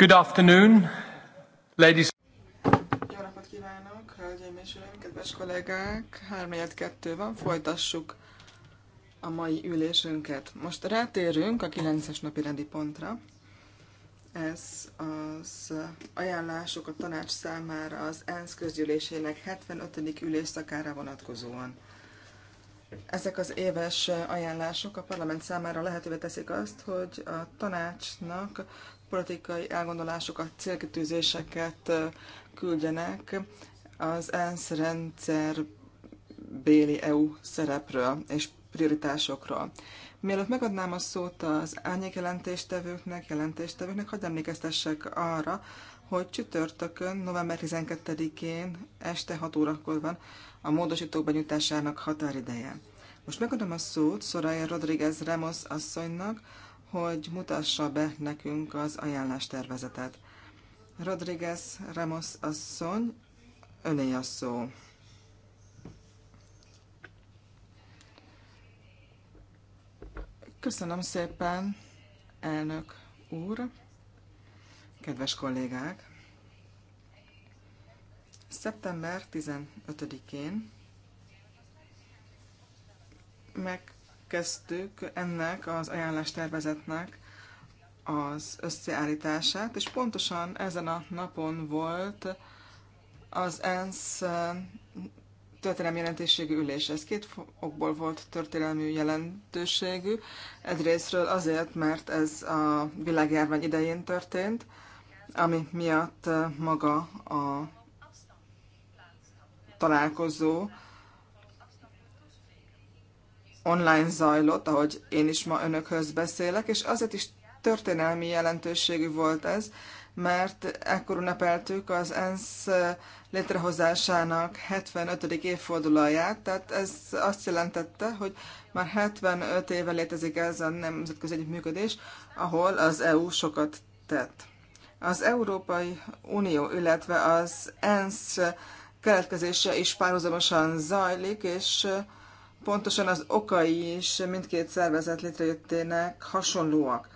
Good afternoon, ladies. Jó napot kívánok, hölgyeim és uraim, kedves kollégák! 3 kettő van, folytassuk a mai ülésünket. Most rátérünk a 9-es napi rendi pontra. Ez az ajánlások a tanács számára az ENSZ közgyűlésének 75. ülésszakára vonatkozóan. Ezek az éves ajánlások a parlament számára lehetővé teszik azt, hogy a tanácsnak politikai elgondolásokat, célkitűzéseket küldjenek az ENSZ rendszer béli EU szerepről és prioritásokról. Mielőtt megadnám a szót az árnyékjelentéstevőknek, jelentéstevőknek, hagyd emlékeztessek arra, hogy csütörtökön, november 12-én este 6 órakor van a módosítók benyújtásának határideje. Most megadom a szót Soraya Rodriguez Ramos asszonynak, hogy mutassa be nekünk az tervezetet. Rodriguez Ramos asszony, öné a szó. Köszönöm szépen, elnök úr, kedves kollégák! Szeptember 15-én meg kezdtük ennek az ajánlástervezetnek az összeállítását, és pontosan ezen a napon volt az ENSZ eh, történelmi jelentőségű ülés. Ez két okból volt történelmi jelentőségű. Egyrésztről azért, mert ez a világjárvány idején történt, ami miatt eh, maga a találkozó online zajlott, ahogy én is ma önökhöz beszélek, és azért is történelmi jelentőségű volt ez, mert ekkor ünnepeltük az ENSZ létrehozásának 75. évfordulóját, tehát ez azt jelentette, hogy már 75 éve létezik ez a nemzetközi együttműködés, ahol az EU sokat tett. Az Európai Unió, illetve az ENSZ keletkezése is párhuzamosan zajlik, és pontosan az okai is mindkét szervezet létrejöttének hasonlóak.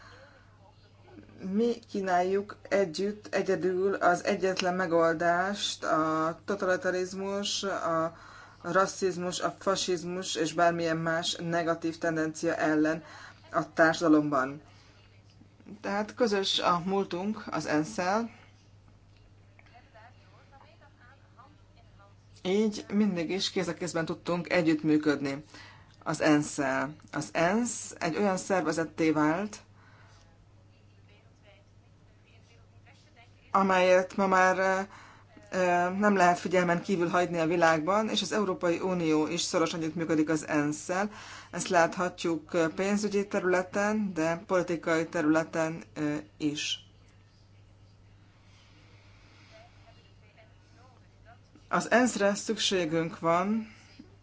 Mi kínáljuk együtt, egyedül az egyetlen megoldást a totalitarizmus, a rasszizmus, a fasizmus és bármilyen más negatív tendencia ellen a társadalomban. Tehát közös a múltunk az enszel. így mindig is kéz a kézben tudtunk együttműködni az ensz -el. Az ENSZ egy olyan szervezetté vált, amelyet ma már eh, eh, nem lehet figyelmen kívül hagyni a világban, és az Európai Unió is szorosan működik az ENSZ-szel. Ezt láthatjuk eh, pénzügyi területen, de politikai területen is. Az ENSZ-re szükségünk van,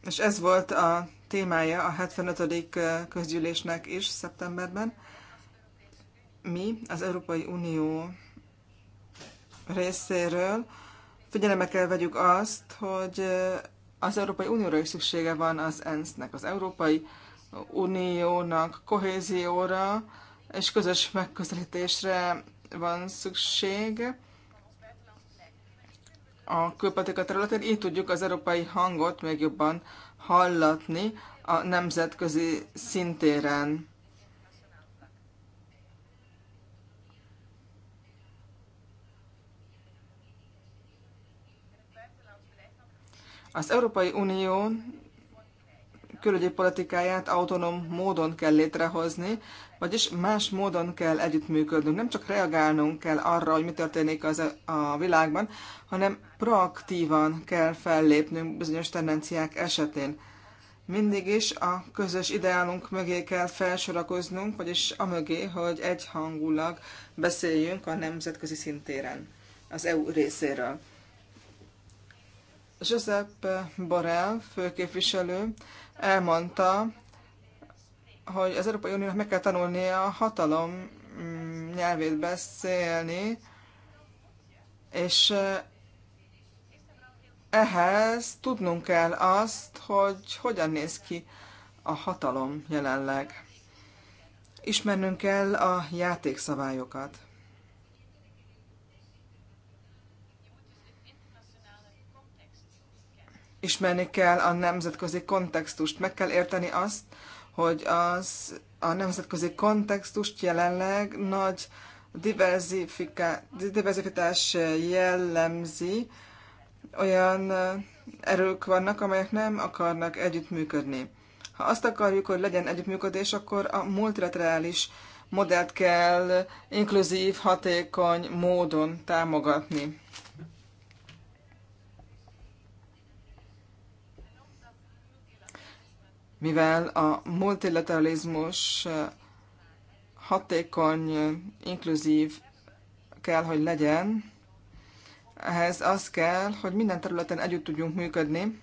és ez volt a témája a 75. közgyűlésnek is szeptemberben. Mi az Európai Unió részéről figyelembe kell vegyük azt, hogy az Európai Unióra is szüksége van az ENSZ-nek, az Európai Uniónak kohézióra és közös megközelítésre van szüksége a külpolitika területén, így tudjuk az európai hangot még jobban hallatni a nemzetközi szintéren. Az Európai Unió külügyi politikáját autonóm módon kell létrehozni, vagyis más módon kell együttműködnünk, nem csak reagálnunk kell arra, hogy mi történik az a világban, hanem proaktívan kell fellépnünk bizonyos tendenciák esetén. Mindig is a közös ideálunk mögé kell felsorakoznunk, vagyis a mögé, hogy egyhangulag beszéljünk a nemzetközi szintéren, az EU részéről. Josep Borrell főképviselő elmondta, hogy az Európai Uniónak meg kell tanulnia a hatalom mm, nyelvét beszélni, és eh, ehhez tudnunk kell azt, hogy hogyan néz ki a hatalom jelenleg. Ismernünk kell a játékszabályokat. Ismerni kell a nemzetközi kontextust, meg kell érteni azt, hogy az a nemzetközi kontextust jelenleg nagy diverzifikás jellemzi, olyan erők vannak, amelyek nem akarnak együttműködni. Ha azt akarjuk, hogy legyen együttműködés, akkor a multilaterális modellt kell inkluzív, hatékony módon támogatni. mivel a multilateralizmus hatékony, inkluzív kell, hogy legyen, ehhez az kell, hogy minden területen együtt tudjunk működni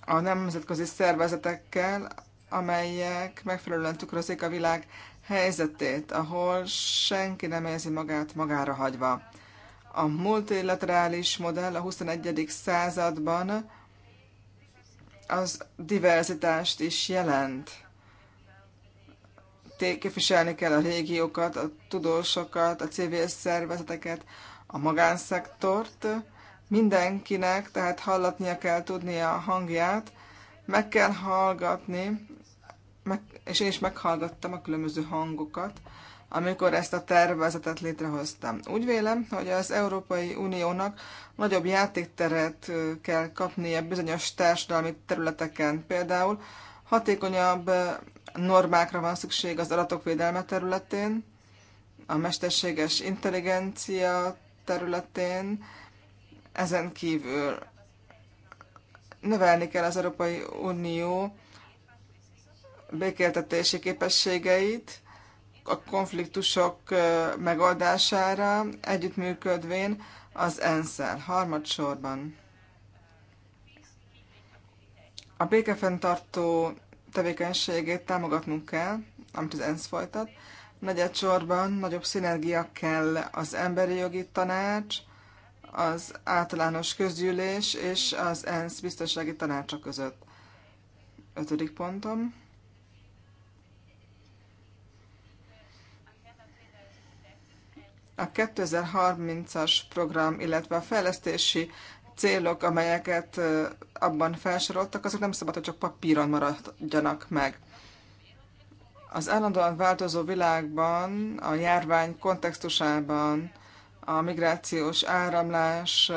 a nemzetközi szervezetekkel, amelyek megfelelően tükrözik a világ helyzetét, ahol senki nem érzi magát magára hagyva. A multilaterális modell a 21. században az diverzitást is jelent. Képviselni kell a régiókat, a tudósokat, a civil szervezeteket, a magánszektort. Mindenkinek, tehát hallatnia kell tudnia a hangját, meg kell hallgatni, meg, és én is meghallgattam a különböző hangokat, amikor ezt a tervezetet létrehoztam. Úgy vélem, hogy az Európai Uniónak nagyobb játékteret kell kapnia bizonyos társadalmi területeken. Például hatékonyabb normákra van szükség az adatok védelme területén, a mesterséges intelligencia területén, ezen kívül növelni kell az Európai Unió békéltetési képességeit, a konfliktusok megoldására, együttműködvén az ENSZ-el harmadsorban. A békefenntartó tevékenységét támogatnunk kell, amit az ENSZ folytat. Negyedsorban nagyobb szinergia kell az emberi jogi tanács, az általános közgyűlés és az ENSZ biztonsági tanácsa között. Ötödik pontom. A 2030-as program, illetve a fejlesztési célok, amelyeket abban felsoroltak, azok nem szabad, hogy csak papíron maradjanak meg. Az állandóan változó világban, a járvány kontextusában, a migrációs áramlás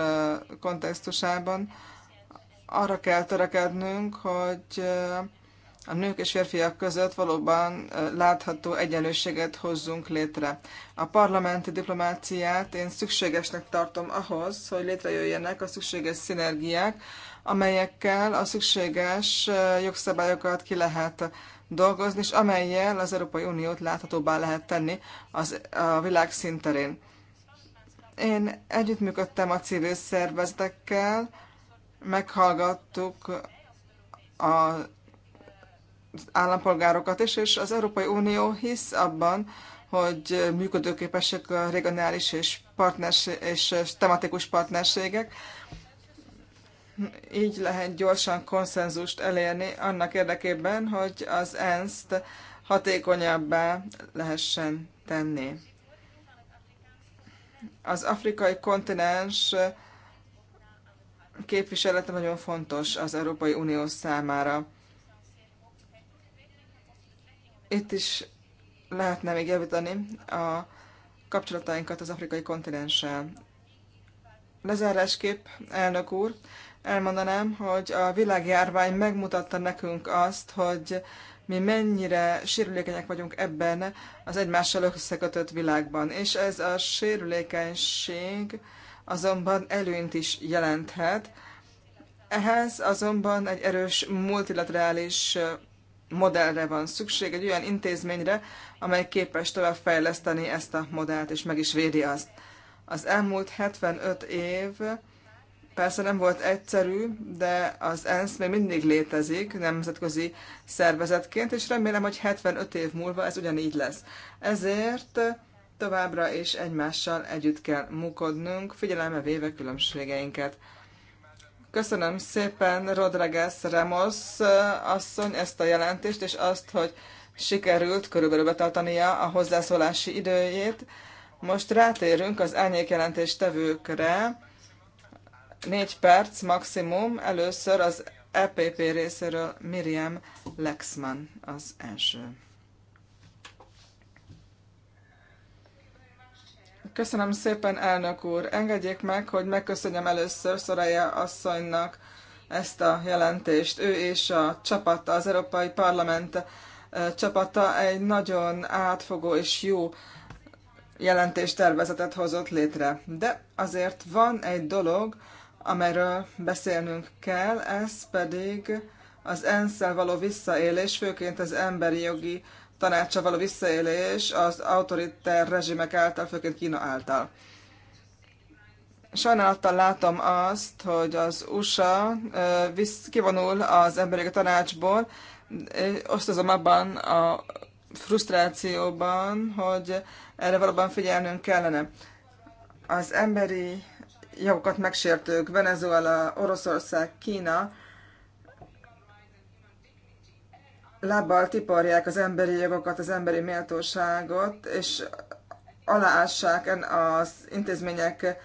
kontextusában arra kell törekednünk, hogy a nők és férfiak között valóban látható egyenlőséget hozzunk létre. A parlamenti diplomáciát én szükségesnek tartom ahhoz, hogy létrejöjjenek a szükséges szinergiák, amelyekkel a szükséges jogszabályokat ki lehet dolgozni, és amelyel az Európai Uniót láthatóbbá lehet tenni az, a világ szinterén. Én együttműködtem a civil szervezetekkel, meghallgattuk a állampolgárokat is, és az Európai Unió hisz abban, hogy működőképesek a regionális és, partners, és tematikus partnerségek. Így lehet gyorsan konszenzust elérni annak érdekében, hogy az ENSZ-t hatékonyabbá lehessen tenni. Az afrikai kontinens képviselete nagyon fontos az Európai Unió számára. Itt is lehetne még javítani a kapcsolatainkat az afrikai kontinenssel. Lezárásképp, elnök úr, elmondanám, hogy a világjárvány megmutatta nekünk azt, hogy mi mennyire sérülékenyek vagyunk ebben az egymással összekötött világban. És ez a sérülékenység azonban előnyt is jelenthet. Ehhez azonban egy erős multilaterális modellre van szükség, egy olyan intézményre, amely képes továbbfejleszteni ezt a modellt, és meg is védi azt. Az elmúlt 75 év persze nem volt egyszerű, de az ENSZ még mindig létezik nemzetközi szervezetként, és remélem, hogy 75 év múlva ez ugyanígy lesz. Ezért továbbra is egymással együtt kell munkodnunk, figyelembe véve különbségeinket. Köszönöm szépen Rodriguez Ramos eh, asszony ezt a jelentést, és azt, hogy sikerült körülbelül betartania a hozzászólási időjét. Most rátérünk az elnyékjelentés tevőkre. Négy perc maximum. Először az EPP részéről Miriam Lexman az első. Köszönöm szépen, elnök úr. Engedjék meg, hogy megköszönjem először Szorája asszonynak ezt a jelentést. Ő és a csapata, az Európai Parlament csapata egy nagyon átfogó és jó jelentéstervezetet hozott létre. De azért van egy dolog, amelyről beszélnünk kell, ez pedig az ENSZ-szel való visszaélés, főként az emberi jogi tanácsa való visszaélés az autoriter rezsimek által, főként Kína által. Sajnálattal látom azt, hogy az USA visz, kivonul az emberi tanácsból, osztozom abban a frusztrációban, hogy erre valóban figyelnünk kellene. Az emberi jogokat megsértők Venezuela, Oroszország, Kína lábbal tiparják az emberi jogokat, az emberi méltóságot, és aláássák az intézmények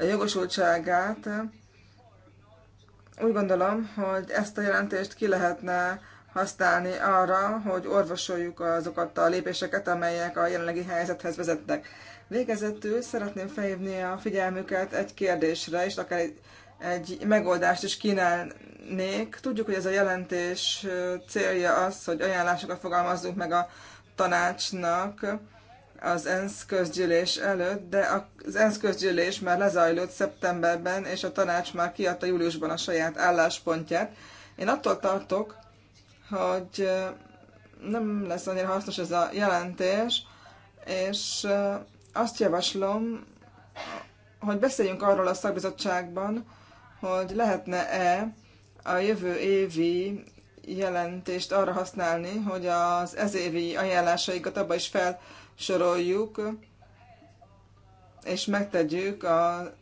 jogosultságát. Úgy gondolom, hogy ezt a jelentést ki lehetne használni arra, hogy orvosoljuk azokat a lépéseket, amelyek a jelenlegi helyzethez vezetnek. Végezetül szeretném felhívni a figyelmüket egy kérdésre, és akár egy, egy megoldást is kínál nék. Tudjuk, hogy ez a jelentés célja az, hogy ajánlásokat fogalmazzunk meg a tanácsnak az ENSZ közgyűlés előtt, de az ENSZ közgyűlés már lezajlott szeptemberben, és a tanács már kiadta júliusban a saját álláspontját. Én attól tartok, hogy nem lesz annyira hasznos ez a jelentés, és azt javaslom, hogy beszéljünk arról a szakbizottságban, hogy lehetne-e a jövő évi jelentést arra használni, hogy az ezévi ajánlásaikat abba is felsoroljuk, és megtegyük a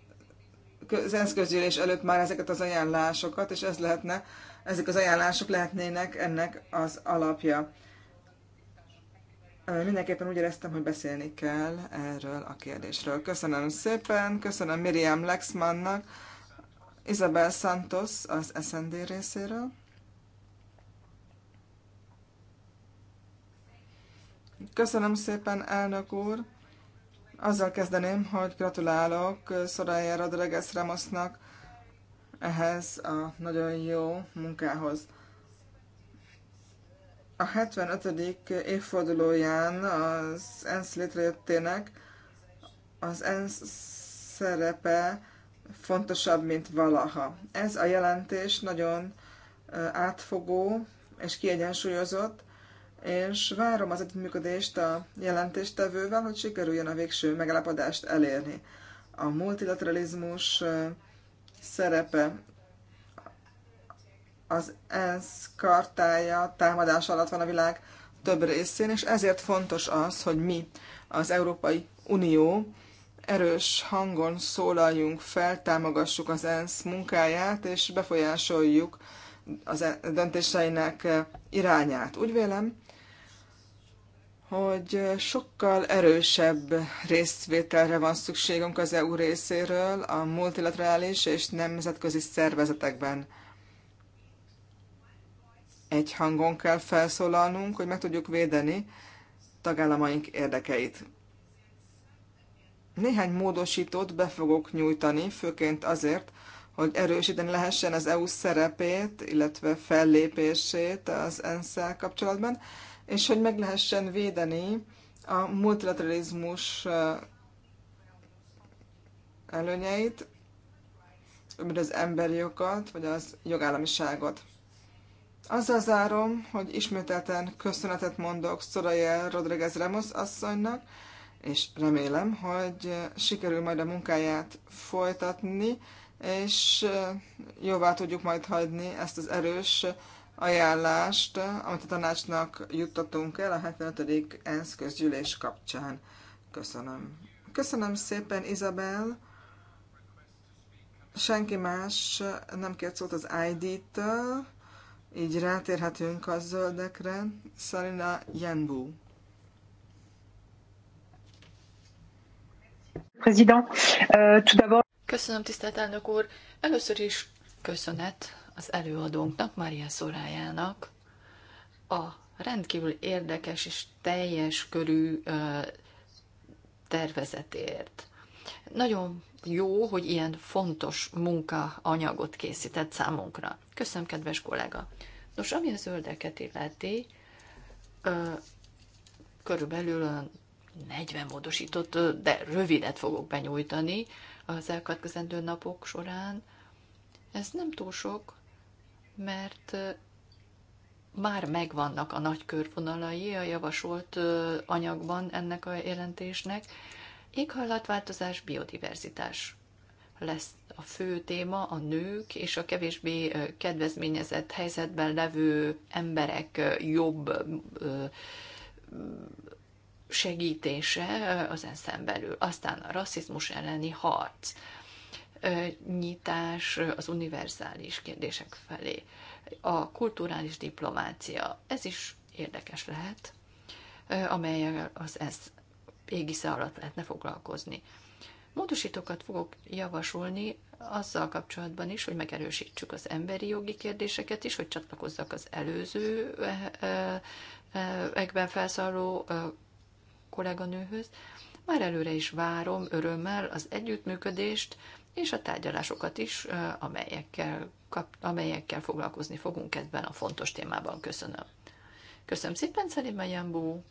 az ENSZ közgyűlés előtt már ezeket az ajánlásokat, és ez lehetne, ezek az ajánlások lehetnének ennek az alapja. Mindenképpen úgy éreztem, hogy beszélni kell erről a kérdésről. Köszönöm szépen, köszönöm Miriam Lexmannak, Isabel Santos az SND részéről. Köszönöm szépen, elnök úr! Azzal kezdeném, hogy gratulálok Soraya Rodriguez Ramosnak ehhez a nagyon jó munkához. A 75. évfordulóján az ENSZ létrejöttének az ENSZ szerepe fontosabb, mint valaha. Ez a jelentés nagyon átfogó és kiegyensúlyozott, és várom az együttműködést a jelentéstevővel, hogy sikerüljön a végső megállapodást elérni. A multilateralizmus szerepe az ENSZ kartája támadás alatt van a világ több részén, és ezért fontos az, hogy mi, az Európai Unió erős hangon szólaljunk fel, támogassuk az ENSZ munkáját, és befolyásoljuk az e- döntéseinek irányát. Úgy vélem, hogy sokkal erősebb részvételre van szükségünk az EU részéről a multilaterális és nemzetközi szervezetekben. Egy hangon kell felszólalnunk, hogy meg tudjuk védeni tagállamaink érdekeit. Néhány módosítót be fogok nyújtani, főként azért, hogy erősíteni lehessen az EU szerepét, illetve fellépését az ensz kapcsolatban, és hogy meg lehessen védeni a multilateralizmus előnyeit, mint az emberi jogot, vagy az jogállamiságot. Azzal zárom, hogy ismételten köszönetet mondok Soraya Rodriguez Ramos asszonynak, és remélem, hogy eh, sikerül majd a munkáját folytatni, és eh, jóvá tudjuk majd hagyni ezt az erős ajánlást, amit a tanácsnak juttatunk el a 75. ENSZ közgyűlés kapcsán. Köszönöm. Köszönöm szépen, Izabel. Senki más nem kért szót az ID-től, így rátérhetünk a zöldekre. Szalina Jenbu. Président. Euh, tout d'abord. Köszönöm, tisztelt elnök úr. Először is köszönet az előadónknak, Mária Szorájának, a rendkívül érdekes és teljes körű tervezetért. Nagyon jó, hogy ilyen fontos munkaanyagot készített számunkra. Köszönöm, kedves kollega. Nos, ami a zöldeket illeti, körülbelül 40 módosított, de rövidet fogok benyújtani az elkövetkezendő napok során. Ez nem túl sok, mert már megvannak a nagy körvonalai a javasolt anyagban ennek a jelentésnek. Éghajlatváltozás, biodiverzitás lesz a fő téma a nők és a kevésbé kedvezményezett helyzetben levő emberek jobb segítése az enszen belül. Aztán a rasszizmus elleni harc, nyitás az univerzális kérdések felé, a kulturális diplomácia, ez is érdekes lehet, amelyel az ENSZ égisze alatt lehetne foglalkozni. Módosítókat fogok javasolni azzal kapcsolatban is, hogy megerősítsük az emberi jogi kérdéseket is, hogy csatlakozzak az előző ekben felszálló kolléganőhöz. Már előre is várom örömmel az együttműködést és a tárgyalásokat is, amelyekkel, kap, amelyekkel foglalkozni fogunk ebben a fontos témában. Köszönöm. Köszönöm szépen, Szerima Jambú.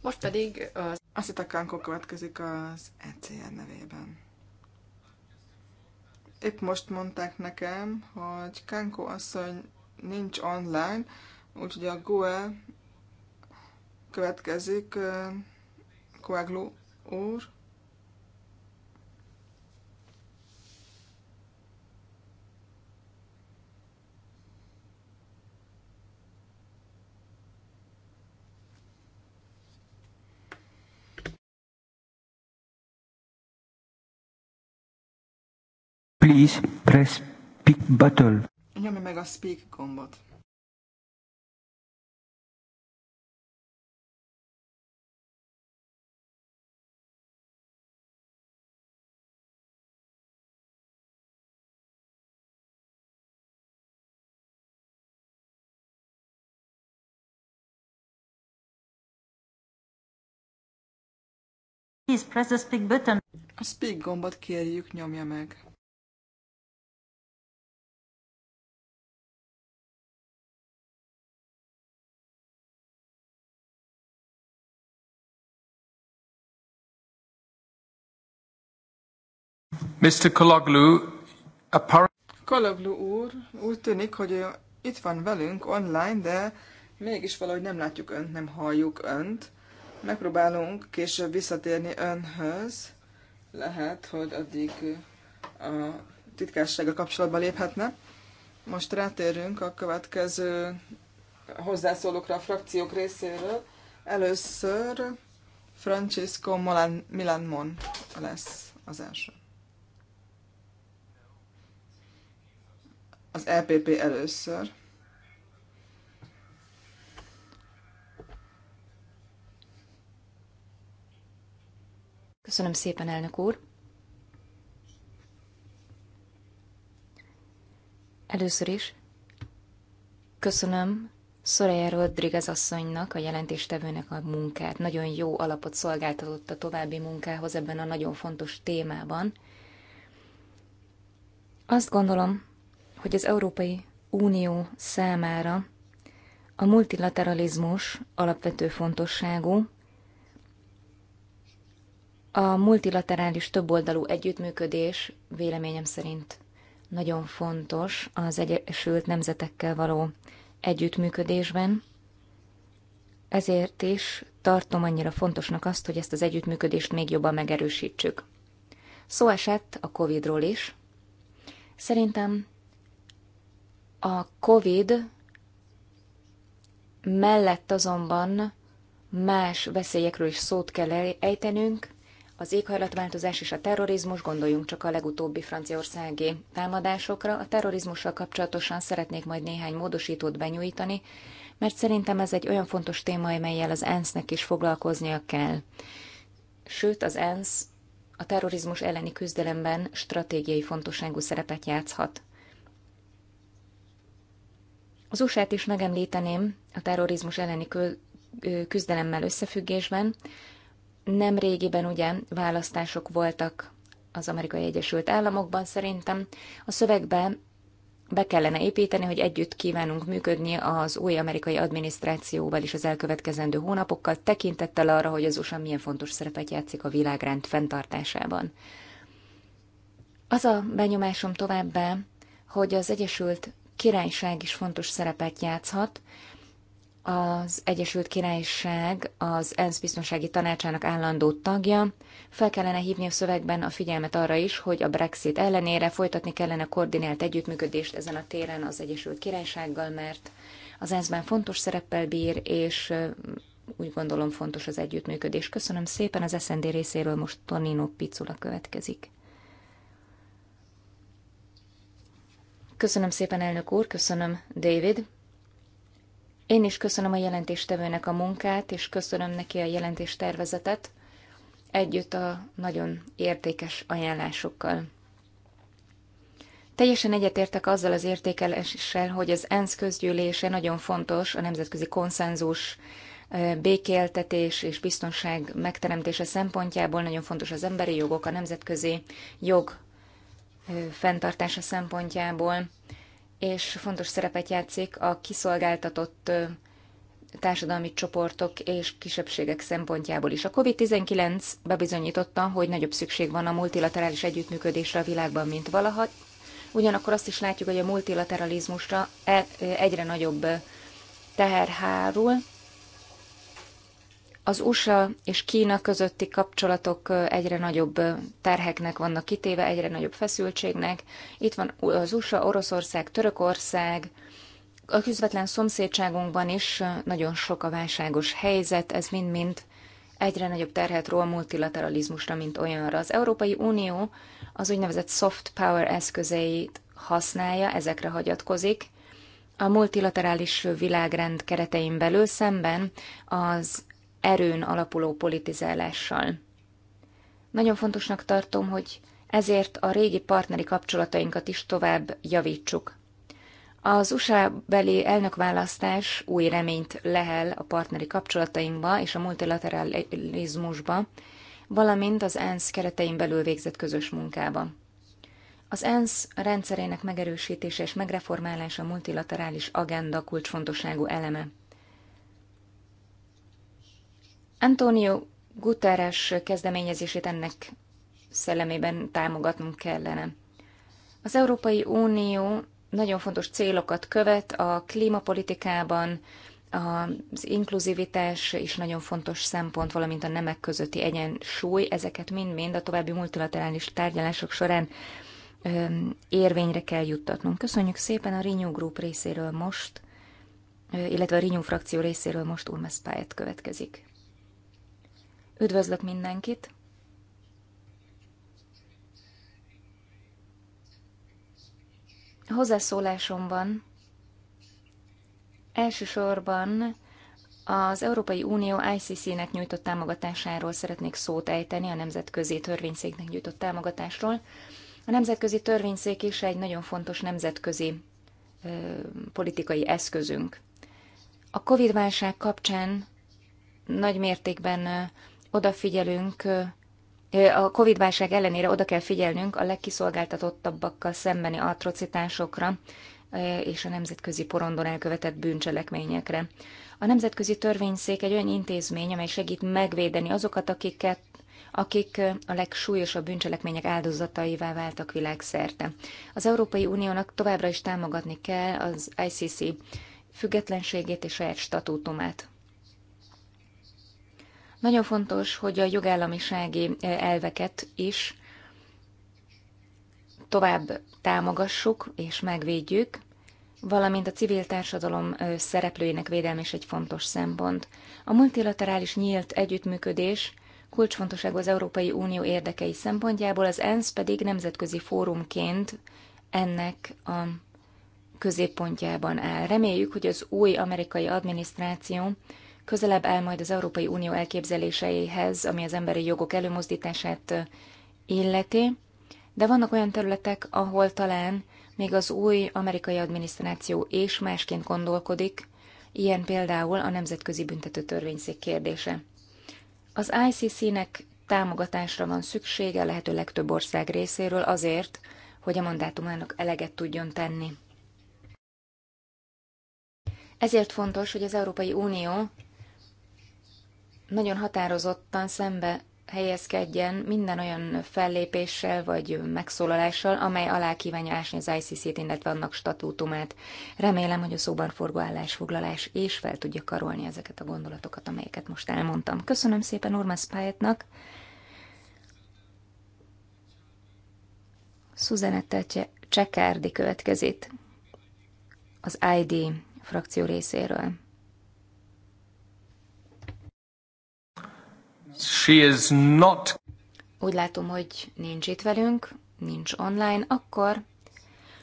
Most pedig az... Asita Kanko következik az ECN nevében. Épp most mondták nekem, hogy Kanko asszony nincs online, úgyhogy a GUE Következik Koágló úr. Please press speak button. Nyomja meg a speak gombot. Please press the speak button. A speak gombot kérjük, nyomja meg. Mr. Kologlu, apparently... Kologlu úr, úgy tűnik, hogy itt van velünk online, de mégis valahogy nem látjuk önt, nem halljuk önt. Megpróbálunk később visszatérni önhöz. Lehet, hogy addig a titkássága kapcsolatba léphetne. Most rátérünk a következő hozzászólókra a frakciók részéről. Először Francisco Milan, Milanmon lesz az első. Az EPP először. Köszönöm szépen, elnök úr. Először is köszönöm Soraya Rodriguez asszonynak, a jelentéstevőnek a munkát. Nagyon jó alapot szolgáltatott a további munkához ebben a nagyon fontos témában. Azt gondolom, hogy az Európai Unió számára a multilateralizmus alapvető fontosságú, a multilaterális többoldalú együttműködés véleményem szerint nagyon fontos az Egyesült Nemzetekkel való együttműködésben. Ezért is tartom annyira fontosnak azt, hogy ezt az együttműködést még jobban megerősítsük. Szó esett a COVID-ról is. Szerintem a COVID mellett azonban más veszélyekről is szót kell ejtenünk, az éghajlatváltozás és a terrorizmus, gondoljunk csak a legutóbbi franciaországi támadásokra. A terrorizmussal kapcsolatosan szeretnék majd néhány módosítót benyújtani, mert szerintem ez egy olyan fontos téma, amelyel az ENSZ-nek is foglalkoznia kell. Sőt, az ENSZ a terrorizmus elleni küzdelemben stratégiai fontosságú szerepet játszhat. Az usa is megemlíteném a terrorizmus elleni küzdelemmel összefüggésben, nem régiben ugyan választások voltak az Amerikai Egyesült Államokban szerintem. A szövegbe be kellene építeni, hogy együtt kívánunk működni az új amerikai adminisztrációval is az elkövetkezendő hónapokkal, tekintettel arra, hogy az USA milyen fontos szerepet játszik a világrend fenntartásában. Az a benyomásom továbbá, hogy az Egyesült Királyság is fontos szerepet játszhat, az Egyesült Királyság az ENSZ biztonsági tanácsának állandó tagja. Fel kellene hívni a szövegben a figyelmet arra is, hogy a Brexit ellenére folytatni kellene koordinált együttműködést ezen a téren az Egyesült Királysággal, mert az ENSZ-ben fontos szereppel bír, és úgy gondolom fontos az együttműködés. Köszönöm szépen, az SND részéről most Tonino Picula következik. Köszönöm szépen, elnök úr, köszönöm, David. Én is köszönöm a jelentéstevőnek a munkát, és köszönöm neki a jelentéstervezetet, együtt a nagyon értékes ajánlásokkal. Teljesen egyetértek azzal az értékeléssel, hogy az ENSZ közgyűlése nagyon fontos, a nemzetközi konszenzus, békéltetés és biztonság megteremtése szempontjából nagyon fontos az emberi jogok, a nemzetközi jog fenntartása szempontjából és fontos szerepet játszik a kiszolgáltatott társadalmi csoportok és kisebbségek szempontjából is. A COVID-19 bebizonyította, hogy nagyobb szükség van a multilaterális együttműködésre a világban, mint valaha. Ugyanakkor azt is látjuk, hogy a multilateralizmusra e, egyre nagyobb teher hárul, az USA és Kína közötti kapcsolatok egyre nagyobb terheknek vannak kitéve, egyre nagyobb feszültségnek. Itt van az USA, Oroszország, Törökország, a közvetlen szomszédságunkban is nagyon sok a válságos helyzet, ez mind-mind egyre nagyobb terhet ról multilateralizmusra, mint olyanra. Az Európai Unió az úgynevezett soft power eszközeit használja, ezekre hagyatkozik, a multilaterális világrend keretein belül szemben az erőn alapuló politizálással. Nagyon fontosnak tartom, hogy ezért a régi partneri kapcsolatainkat is tovább javítsuk. Az USA-beli elnökválasztás új reményt lehel a partneri kapcsolatainkba és a multilateralizmusba, valamint az ENSZ keretein belül végzett közös munkába. Az ENSZ rendszerének megerősítése és megreformálása a multilaterális agenda kulcsfontosságú eleme. Antonio Guterres kezdeményezését ennek szellemében támogatnunk kellene. Az Európai Unió nagyon fontos célokat követ a klímapolitikában, az inkluzivitás is nagyon fontos szempont, valamint a nemek közötti egyensúly, ezeket mind-mind a további multilaterális tárgyalások során érvényre kell juttatnunk. Köszönjük szépen a Renew Group részéről most, illetve a Renew frakció részéről most Urmes Pályát következik. Üdvözlök mindenkit! A hozzászólásomban elsősorban az Európai Unió ICC-nek nyújtott támogatásáról szeretnék szót ejteni, a Nemzetközi Törvényszéknek nyújtott támogatásról. A Nemzetközi Törvényszék is egy nagyon fontos nemzetközi ö, politikai eszközünk. A COVID-válság kapcsán nagy mértékben odafigyelünk, a COVID-válság ellenére oda kell figyelnünk a legkiszolgáltatottabbakkal szembeni atrocitásokra és a nemzetközi porondon elkövetett bűncselekményekre. A Nemzetközi Törvényszék egy olyan intézmény, amely segít megvédeni azokat, akiket akik a legsúlyosabb bűncselekmények áldozataivá váltak világszerte. Az Európai Uniónak továbbra is támogatni kell az ICC függetlenségét és saját statútumát. Nagyon fontos, hogy a jogállamisági elveket is tovább támogassuk és megvédjük, valamint a civil társadalom szereplőinek védelme is egy fontos szempont. A multilaterális nyílt együttműködés kulcsfontosságú az Európai Unió érdekei szempontjából, az ENSZ pedig nemzetközi fórumként ennek a középpontjában áll. Reméljük, hogy az új amerikai adminisztráció közelebb áll majd az Európai Unió elképzeléseihez, ami az emberi jogok előmozdítását illeti, de vannak olyan területek, ahol talán még az új amerikai adminisztráció és másként gondolkodik, ilyen például a Nemzetközi Büntető Törvényszék kérdése. Az ICC-nek támogatásra van szüksége lehető legtöbb ország részéről azért, hogy a mandátumának eleget tudjon tenni. Ezért fontos, hogy az Európai Unió nagyon határozottan szembe helyezkedjen minden olyan fellépéssel vagy megszólalással, amely alá kívánja ásni az ICC-t, illetve annak statútumát. Remélem, hogy a szóban forgó állásfoglalás és fel tudja karolni ezeket a gondolatokat, amelyeket most elmondtam. Köszönöm szépen Orman Spájetnak. Szuzanetta Csekárdi következik az ID frakció részéről. She is not. Úgy látom, hogy nincs itt velünk, nincs online, akkor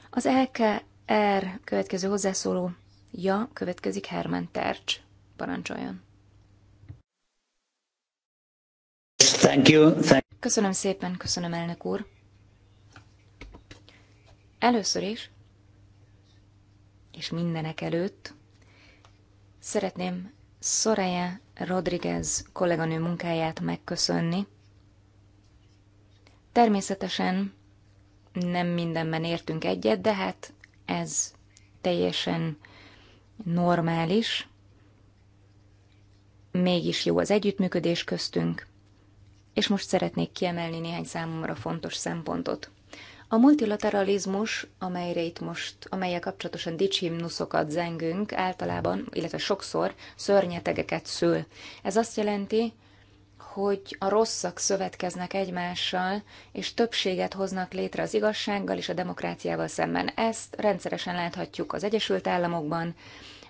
az LKR következő hozzászóló ja következik Herman Tercs. Parancsoljon. Thank you. Thank köszönöm szépen, köszönöm elnök úr. Először is, és mindenek előtt, szeretném Soraya Rodriguez kolléganő munkáját megköszönni. Természetesen nem mindenben értünk egyet, de hát ez teljesen normális. Mégis jó az együttműködés köztünk, és most szeretnék kiemelni néhány számomra fontos szempontot. A multilateralizmus, amelyre itt most, amelyek kapcsolatosan dicsimnuszokat zengünk, általában, illetve sokszor szörnyetegeket szül. Ez azt jelenti, hogy a rosszak szövetkeznek egymással, és többséget hoznak létre az igazsággal és a demokráciával szemben. Ezt rendszeresen láthatjuk az Egyesült Államokban,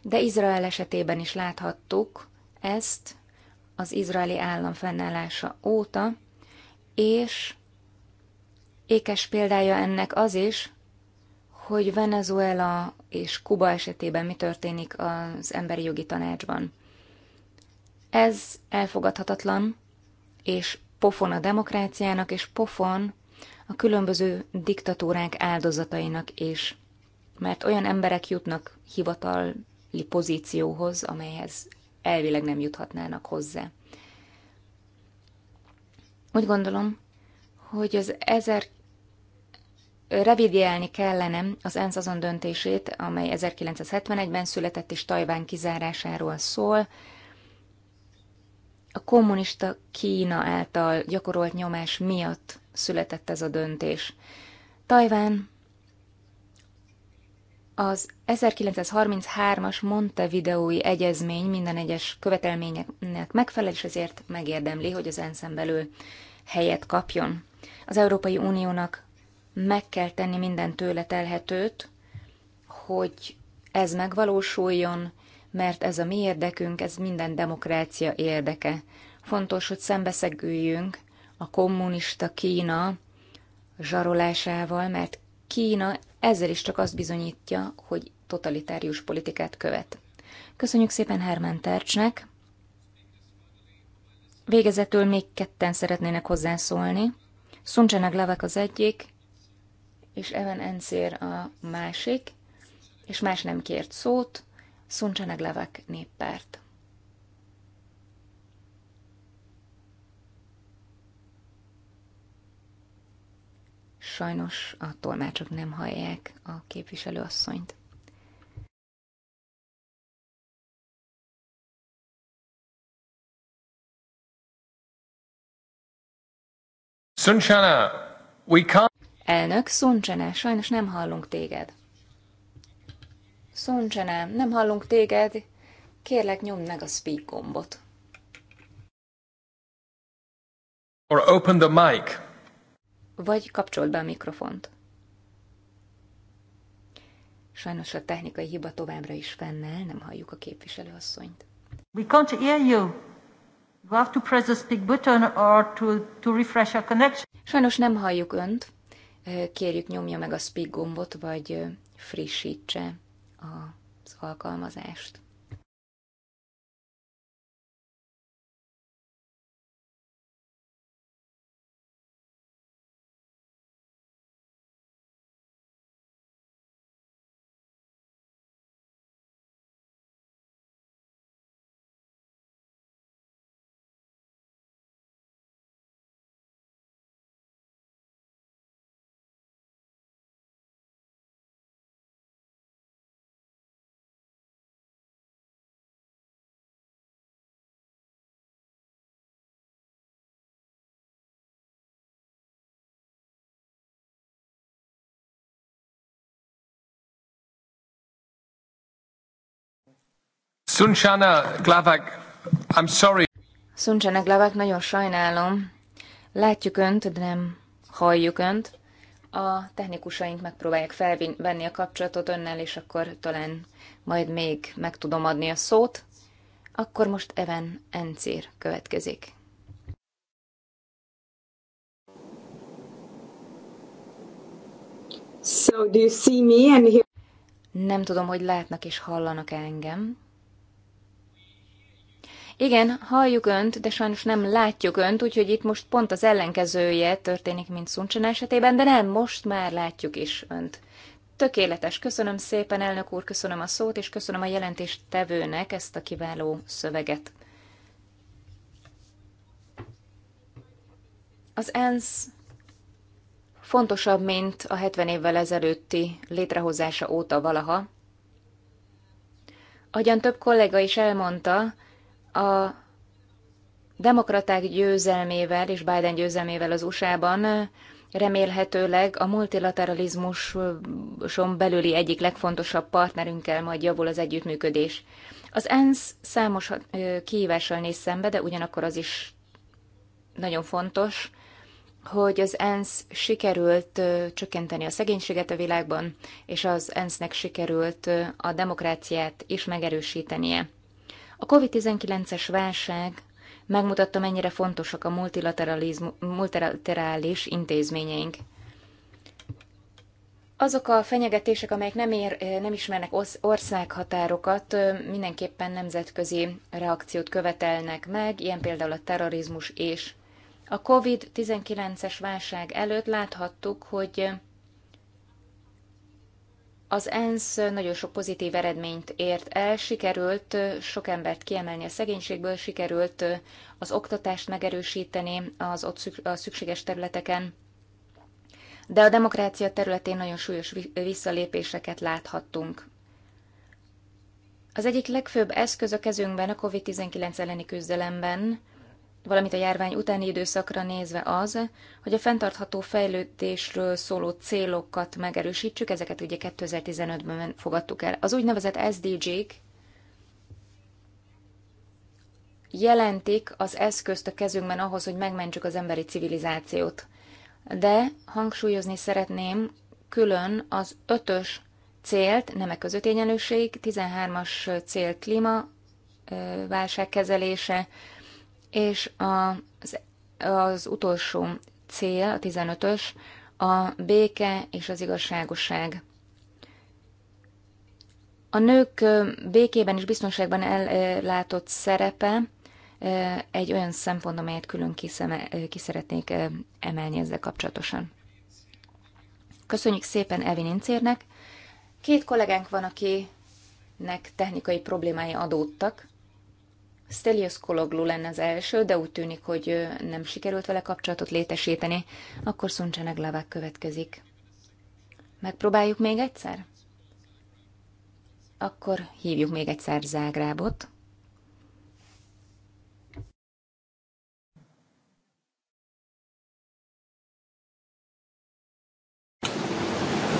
de Izrael esetében is láthattuk ezt az izraeli állam fennállása óta, és Ékes példája ennek az is, hogy Venezuela és Kuba esetében mi történik az emberi jogi tanácsban. Ez elfogadhatatlan, és pofon a demokráciának, és pofon a különböző diktatúrák áldozatainak is, mert olyan emberek jutnak hivatali pozícióhoz, amelyhez elvileg nem juthatnának hozzá. Úgy gondolom, hogy az revidiálni kellene az ENSZ azon döntését, amely 1971-ben született és Tajván kizárásáról szól. A kommunista Kína által gyakorolt nyomás miatt született ez a döntés. Tajván az 1933-as Montevideói Egyezmény minden egyes követelményeknek megfelel, és ezért megérdemli, hogy az ensz belül helyet kapjon. Az Európai Uniónak meg kell tenni minden tőle telhetőt, hogy ez megvalósuljon, mert ez a mi érdekünk, ez minden demokrácia érdeke. Fontos, hogy szembeszegüljünk a kommunista Kína zsarolásával, mert Kína ezzel is csak azt bizonyítja, hogy totalitárius politikát követ. Köszönjük szépen Herman Tercsnek. Végezetül még ketten szeretnének hozzászólni. Szuncsenek Levek az egyik, és Evan enzér a másik, és más nem kért szót, Szuncsaneg Levek néppárt. Sajnos a tolmácsok nem hallják a képviselőasszonyt. Sunshana, we can't... Elnök, Szoncsene, sajnos nem hallunk téged. Szoncsene, nem hallunk téged, kérlek nyomd meg a speak gombot. Or open the mic. Vagy kapcsold be a mikrofont. Sajnos a technikai hiba továbbra is fennáll, nem halljuk a képviselőasszonyt. We can't hear you. You have to press the speak button or to, to refresh your connection. Sajnos nem halljuk önt kérjük nyomja meg a speak gombot, vagy frissítse az alkalmazást. Suncsana Glavak, I'm sorry. Suncsana Glavak, nagyon sajnálom. Látjuk önt, de nem halljuk önt. A technikusaink megpróbálják felvenni a kapcsolatot önnel, és akkor talán majd még meg tudom adni a szót. Akkor most Even Encér következik. So do you see me and hear? Nem tudom, hogy látnak és hallanak -e engem. Igen, halljuk önt, de sajnos nem látjuk önt, úgyhogy itt most pont az ellenkezője történik, mint Szuncsen esetében, de nem, most már látjuk is önt. Tökéletes, köszönöm szépen, elnök úr, köszönöm a szót, és köszönöm a jelentést tevőnek ezt a kiváló szöveget. Az ENSZ fontosabb, mint a 70 évvel ezelőtti létrehozása óta valaha. Ahogyan több kollega is elmondta, a demokraták győzelmével és Biden győzelmével az USA-ban remélhetőleg a multilateralizmuson belüli egyik legfontosabb partnerünkkel majd javul az együttműködés. Az ENSZ számos kihívással néz szembe, de ugyanakkor az is nagyon fontos, hogy az ENSZ sikerült csökkenteni a szegénységet a világban, és az ENSZ-nek sikerült a demokráciát is megerősítenie. A COVID-19-es válság megmutatta, mennyire fontosak a multilaterális intézményeink. Azok a fenyegetések, amelyek nem, ér, nem ismernek országhatárokat, mindenképpen nemzetközi reakciót követelnek meg, ilyen például a terrorizmus és. A COVID-19-es válság előtt láthattuk, hogy az ENSZ nagyon sok pozitív eredményt ért el, sikerült sok embert kiemelni a szegénységből, sikerült az oktatást megerősíteni az ott szükséges területeken, de a demokrácia területén nagyon súlyos visszalépéseket láthattunk. Az egyik legfőbb eszköz a kezünkben a COVID-19 elleni küzdelemben valamint a járvány utáni időszakra nézve az, hogy a fenntartható fejlődésről szóló célokat megerősítsük, ezeket ugye 2015-ben fogadtuk el. Az úgynevezett SDG-k jelentik az eszközt a kezünkben ahhoz, hogy megmentsük az emberi civilizációt. De hangsúlyozni szeretném külön az ötös célt, nemek között egyenlőség, 13-as cél klíma válságkezelése, és az, az utolsó cél, a 15-ös, a béke és az igazságosság. A nők békében és biztonságban ellátott szerepe egy olyan szempont, amelyet külön ki szeretnék emelni ezzel kapcsolatosan. Köszönjük szépen Evin Incérnek. Két kollégánk van, akinek technikai problémái adódtak, Stelios Kologlu lenne az első, de úgy tűnik, hogy nem sikerült vele kapcsolatot létesíteni, akkor Szuncseneg Levák következik. Megpróbáljuk még egyszer? Akkor hívjuk még egyszer Zágrábot.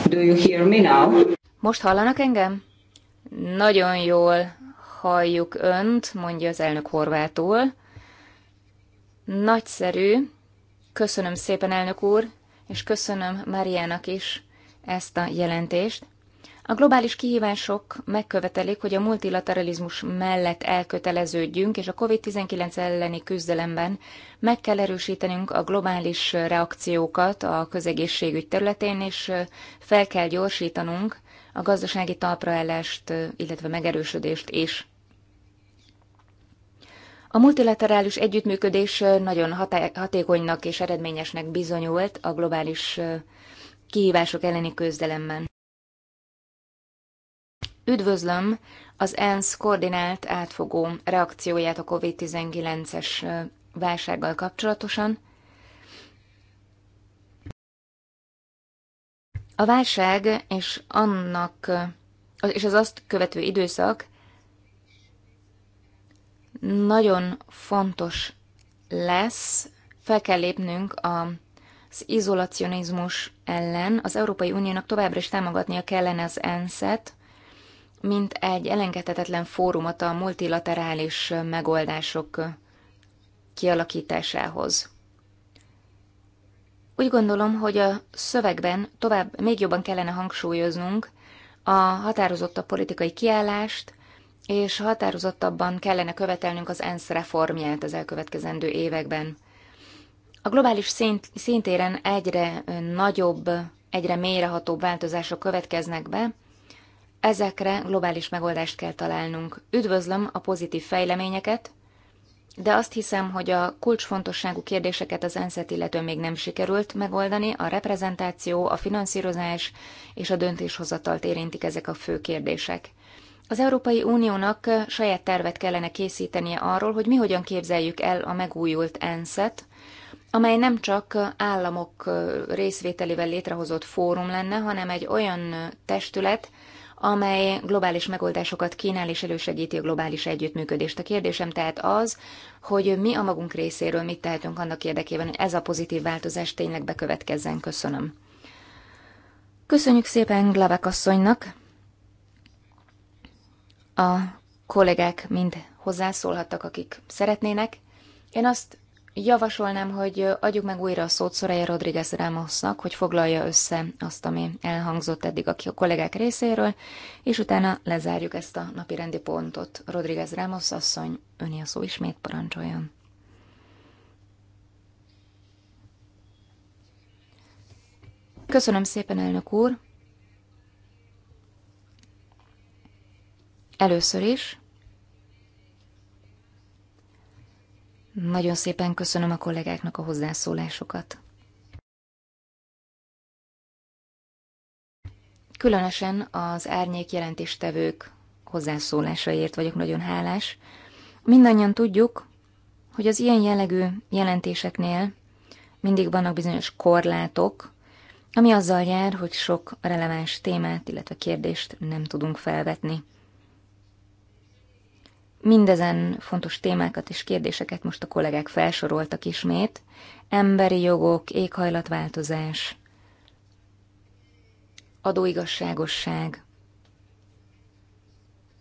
Do you hear me now? Most hallanak engem? Nagyon jól halljuk önt, mondja az elnök horvátul. Nagyszerű. Köszönöm szépen, elnök úr, és köszönöm Mariának is ezt a jelentést. A globális kihívások megkövetelik, hogy a multilateralizmus mellett elköteleződjünk, és a COVID-19 elleni küzdelemben meg kell erősítenünk a globális reakciókat a közegészségügy területén, és fel kell gyorsítanunk a gazdasági talpraállást, illetve megerősödést is. A multilaterális együttműködés nagyon hatékonynak és eredményesnek bizonyult a globális kihívások elleni küzdelemben. Üdvözlöm az ENSZ koordinált átfogó reakcióját a COVID-19-es válsággal kapcsolatosan. A válság és annak és az azt követő időszak nagyon fontos lesz, fel kell lépnünk a az izolacionizmus ellen az Európai Uniónak továbbra is támogatnia kellene az ENSZ-et, mint egy elengedhetetlen fórumot a multilaterális megoldások kialakításához. Úgy gondolom, hogy a szövegben tovább még jobban kellene hangsúlyoznunk a határozott a politikai kiállást, és határozottabban kellene követelnünk az ENSZ reformját az elkövetkezendő években. A globális szint, szintéren egyre nagyobb, egyre mélyrehatóbb változások következnek be, ezekre globális megoldást kell találnunk. Üdvözlöm a pozitív fejleményeket, de azt hiszem, hogy a kulcsfontosságú kérdéseket az ENSZ-et illetően még nem sikerült megoldani, a reprezentáció, a finanszírozás és a döntéshozatalt érintik ezek a fő kérdések. Az Európai Uniónak saját tervet kellene készítenie arról, hogy mi hogyan képzeljük el a megújult ENSZ-et, amely nem csak államok részvételével létrehozott fórum lenne, hanem egy olyan testület, amely globális megoldásokat kínál és elősegíti a globális együttműködést. A kérdésem tehát az, hogy mi a magunk részéről mit tehetünk annak érdekében, hogy ez a pozitív változás tényleg bekövetkezzen. Köszönöm. Köszönjük szépen Glavek asszonynak! A kollégák mind hozzászólhattak, akik szeretnének. Én azt javasolnám, hogy adjuk meg újra a szót Soraya Rodriguez Ramosnak, hogy foglalja össze azt, ami elhangzott eddig a kollégák részéről, és utána lezárjuk ezt a napi rendi pontot. Rodriguez Ramos asszony, öni a szó ismét parancsoljon. Köszönöm szépen, elnök úr! Először is nagyon szépen köszönöm a kollégáknak a hozzászólásokat. Különösen az árnyék jelentéstevők hozzászólásaért vagyok nagyon hálás. Mindannyian tudjuk, hogy az ilyen jellegű jelentéseknél mindig vannak bizonyos korlátok, ami azzal jár, hogy sok releváns témát, illetve kérdést nem tudunk felvetni. Mindezen fontos témákat és kérdéseket most a kollégák felsoroltak ismét. Emberi jogok, éghajlatváltozás, adóigazságosság,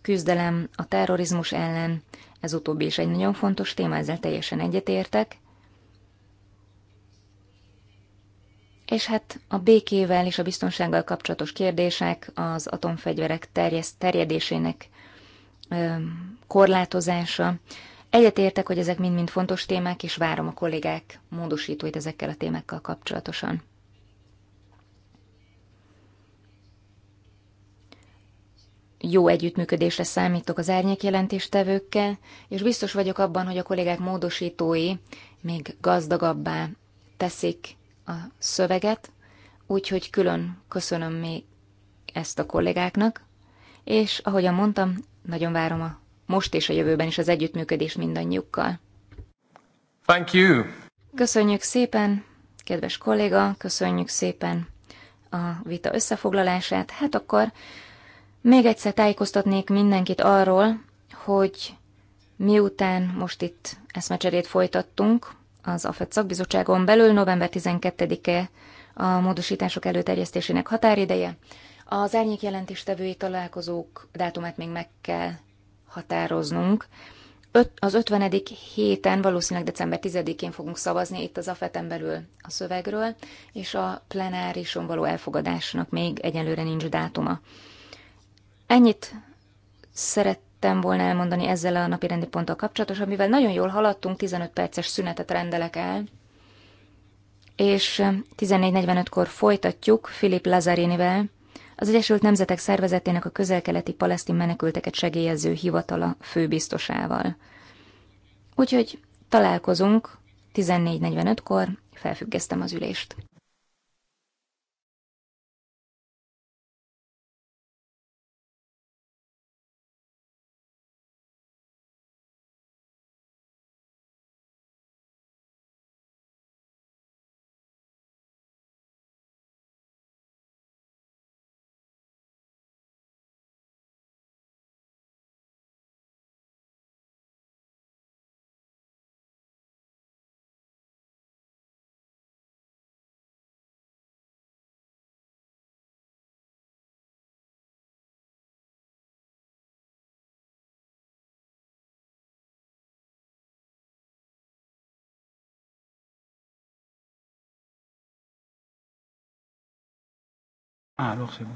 küzdelem a terrorizmus ellen, ez utóbbi is egy nagyon fontos téma, ezzel teljesen egyetértek. És hát a békével és a biztonsággal kapcsolatos kérdések, az atomfegyverek terjesz, terjedésének korlátozása. Egyetértek, hogy ezek mind-mind fontos témák, és várom a kollégák módosítóit ezekkel a témákkal kapcsolatosan. Jó együttműködésre számítok az árnyékjelentéstevőkkel, és biztos vagyok abban, hogy a kollégák módosítói még gazdagabbá teszik a szöveget, úgyhogy külön köszönöm még ezt a kollégáknak, és ahogyan mondtam, nagyon várom a most és a jövőben is az együttműködést mindannyiukkal. Thank you. Köszönjük szépen, kedves kolléga, köszönjük szépen a vita összefoglalását. Hát akkor még egyszer tájékoztatnék mindenkit arról, hogy miután most itt eszmecserét folytattunk az AFET szakbizottságon belül, november 12-e a módosítások előterjesztésének határideje, az árnyék jelentéstevői találkozók dátumát még meg kell határoznunk. Öt, az 50. héten, valószínűleg december 10-én fogunk szavazni itt az afet belül a szövegről, és a plenárison való elfogadásnak még egyelőre nincs dátuma. Ennyit szerettem volna elmondani ezzel a napi rendi ponttal kapcsolatosan, mivel nagyon jól haladtunk, 15 perces szünetet rendelek el, és 14.45-kor folytatjuk Filip Lazarinivel, az Egyesült Nemzetek Szervezetének a közelkeleti palesztin menekülteket segélyező hivatala főbiztosával. Úgyhogy találkozunk 14.45-kor, felfüggesztem az ülést. Ah, alors c'est bon.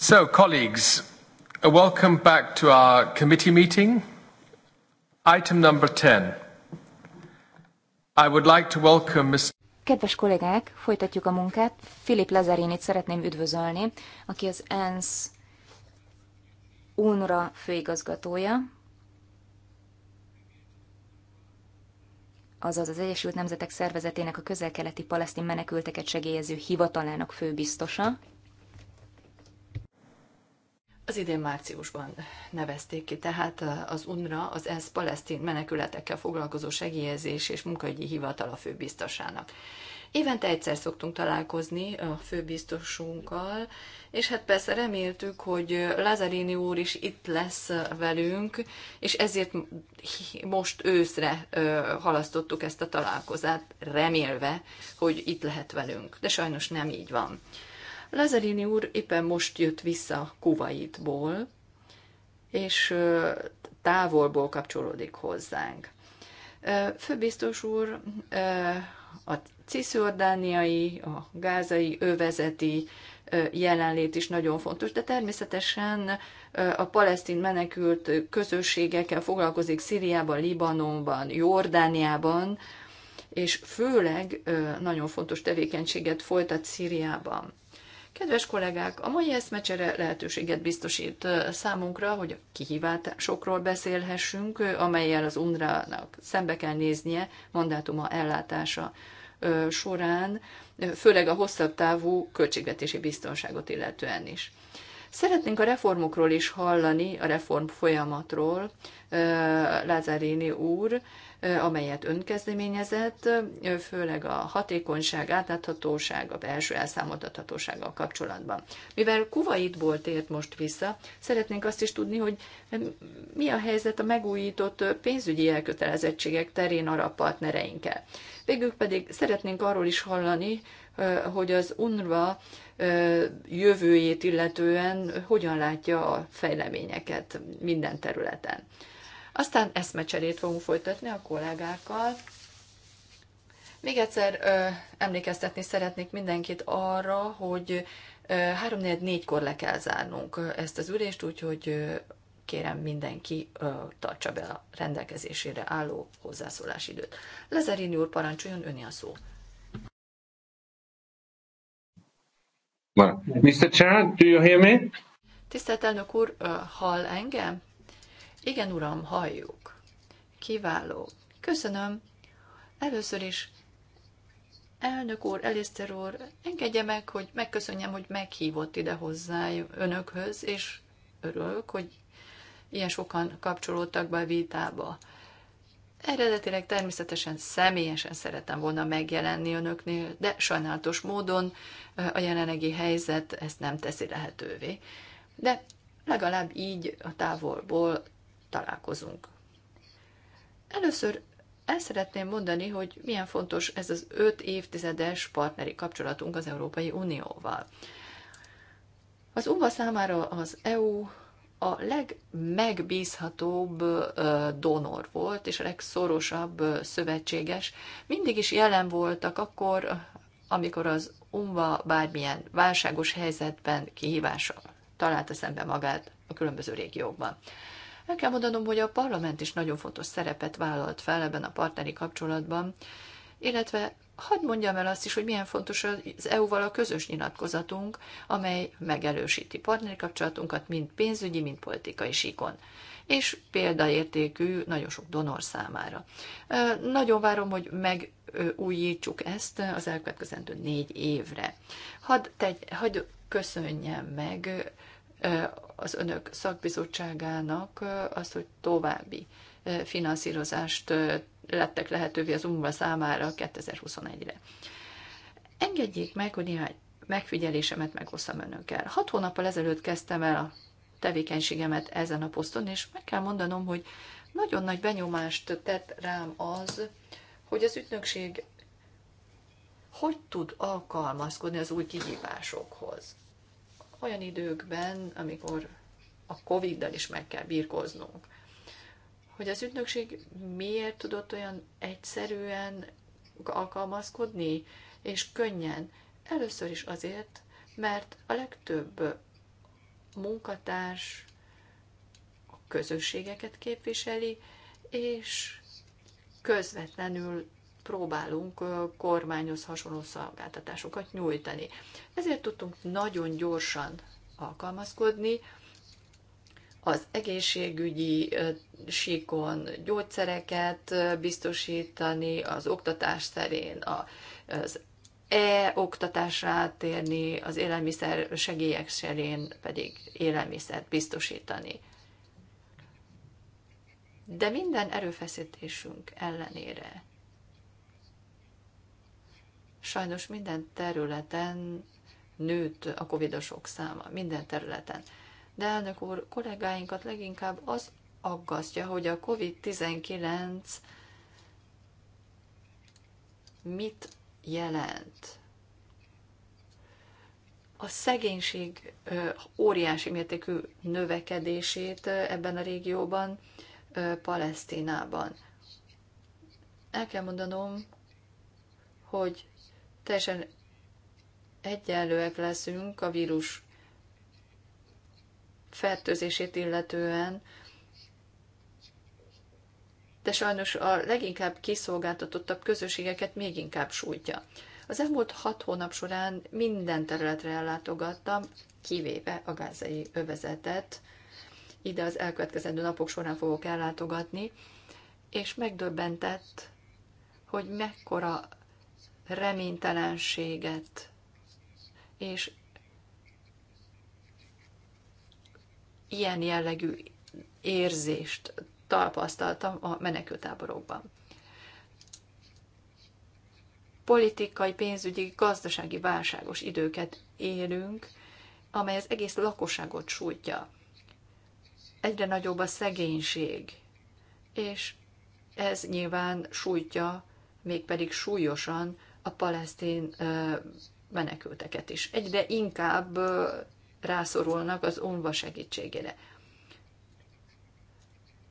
So, colleagues, a welcome back to our committee meeting. Item number 10. I would like to welcome Mr. Kedves kollégák, folytatjuk a munkát. Filip Lazarinit szeretném üdvözölni, aki az ENSZ UNRA főigazgatója, azaz az Egyesült Nemzetek Szervezetének a közel-keleti palesztin menekülteket segélyező hivatalának főbiztosa, az idén márciusban nevezték ki, tehát eh, az UNRA, az ENSZ palesztin menekületekkel foglalkozó segélyezés és munkahogyi hivatal a főbiztosának. Évente egyszer szoktunk találkozni eh, a főbiztosunkkal, és hát persze reméltük, hogy eh, Lazarini úr is itt lesz velünk, és ezért most őszre halasztottuk ezt a találkozát, remélve, hogy itt lehet velünk. De sajnos nem így van. Lazarini úr éppen most jött vissza Kuwaitból, és távolból kapcsolódik hozzánk. Főbiztos úr, a Cisziordániai, a gázai, övezeti jelenlét is nagyon fontos, de természetesen a palesztin menekült közösségekkel foglalkozik Szíriában, Libanonban, Jordániában, és főleg nagyon fontos tevékenységet folytat Szíriában. Kedves kollégák, a mai eszmecsere lehetőséget biztosít számunkra, hogy a kihívásokról beszélhessünk, amelyel az UNRWA-nak szembe kell néznie mandátuma ellátása során, főleg a hosszabb távú költségvetési biztonságot illetően is. Szeretnénk a reformokról is hallani, a reform folyamatról, Lázárini úr, amelyet kezdeményezett, főleg a hatékonyság, átláthatóság, a belső elszámoltathatósággal kapcsolatban. Mivel Kuwaitból tért most vissza, szeretnénk azt is tudni, hogy mi a helyzet a megújított pénzügyi elkötelezettségek terén arab partnereinkkel. Végül pedig szeretnénk arról is hallani, hogy az UNRWA jövőjét illetően hogyan látja a fejleményeket minden területen. Aztán eszmecserét fogunk folytatni a kollégákkal. Még egyszer ö, emlékeztetni szeretnék mindenkit arra, hogy 3-4-4-kor le kell zárnunk ezt az ülést, úgyhogy ö, kérem mindenki ö, tartsa be a rendelkezésére álló hozzászólási időt. Lezerini úr, parancsoljon, öni a szó. Mr. Chair, do you hear me? Tisztelt elnök úr, hall engem? Igen, uram, halljuk. Kiváló. Köszönöm. Először is, elnök úr, Eliszter úr, engedje meg, hogy megköszönjem, hogy meghívott ide hozzá önökhöz, és örülök, hogy ilyen sokan kapcsolódtak be a vitába. Eredetileg természetesen személyesen szeretem volna megjelenni önöknél, de sajnálatos módon a jelenlegi helyzet ezt nem teszi lehetővé. De legalább így a távolból találkozunk. Először el szeretném mondani, hogy milyen fontos ez az öt évtizedes partneri kapcsolatunk az Európai Unióval. Az UVA számára az EU a legmegbízhatóbb donor volt, és a legszorosabb szövetséges. Mindig is jelen voltak akkor, amikor az UNVA bármilyen válságos helyzetben kihívással találta szembe magát a különböző régiókban. El kell mondanom, hogy a parlament is nagyon fontos szerepet vállalt fel ebben a partneri kapcsolatban, illetve hadd mondjam el azt is, hogy milyen fontos az EU-val a közös nyilatkozatunk, amely megerősíti partneri kapcsolatunkat mind pénzügyi, mind politikai síkon és példaértékű nagyon sok donor számára. Nagyon várom, hogy megújítsuk ezt az elkövetkezendő négy évre. Hadd, tegy, hadd köszönjem meg az önök szakbizottságának az, hogy további finanszírozást lettek lehetővé az UMBA számára 2021-re. Engedjék meg, hogy néhány megfigyelésemet megosztam önökkel. Hat hónappal ezelőtt kezdtem el a tevékenységemet ezen a poszton, és meg kell mondanom, hogy nagyon nagy benyomást tett rám az, hogy az ügynökség hogy tud alkalmazkodni az új kihívásokhoz olyan időkben, amikor a Covid-dal is meg kell birkoznunk, Hogy az ügynökség miért tudott olyan egyszerűen alkalmazkodni, és könnyen? Először is azért, mert a legtöbb munkatárs a közösségeket képviseli, és közvetlenül próbálunk kormányhoz hasonló szolgáltatásokat nyújtani. Ezért tudtunk nagyon gyorsan alkalmazkodni az egészségügyi síkon gyógyszereket biztosítani, az oktatás terén az e-oktatásra térni, az élelmiszer segélyek serén pedig élelmiszert biztosítani. De minden erőfeszítésünk ellenére Sajnos minden területen nőtt a covidosok száma, minden területen. De elnök úr, kollégáinkat leginkább az aggasztja, hogy a COVID-19 mit jelent. A szegénység óriási mértékű növekedését ebben a régióban, Palesztinában. El kell mondanom, hogy teljesen egyenlőek leszünk a vírus fertőzését illetően, de sajnos a leginkább kiszolgáltatottabb közösségeket még inkább sújtja. Az elmúlt hat hónap során minden területre ellátogattam, kivéve a gázai övezetet. Ide az elkövetkezendő napok során fogok ellátogatni, és megdöbbentett, hogy mekkora reménytelenséget, és ilyen jellegű érzést tapasztaltam a menekültáborokban. Politikai, pénzügyi, gazdasági válságos időket élünk, amely az egész lakosságot sújtja. Egyre nagyobb a szegénység, és ez nyilván sújtja, mégpedig súlyosan a palesztin menekülteket is. Egyre inkább rászorulnak az UNVA segítségére.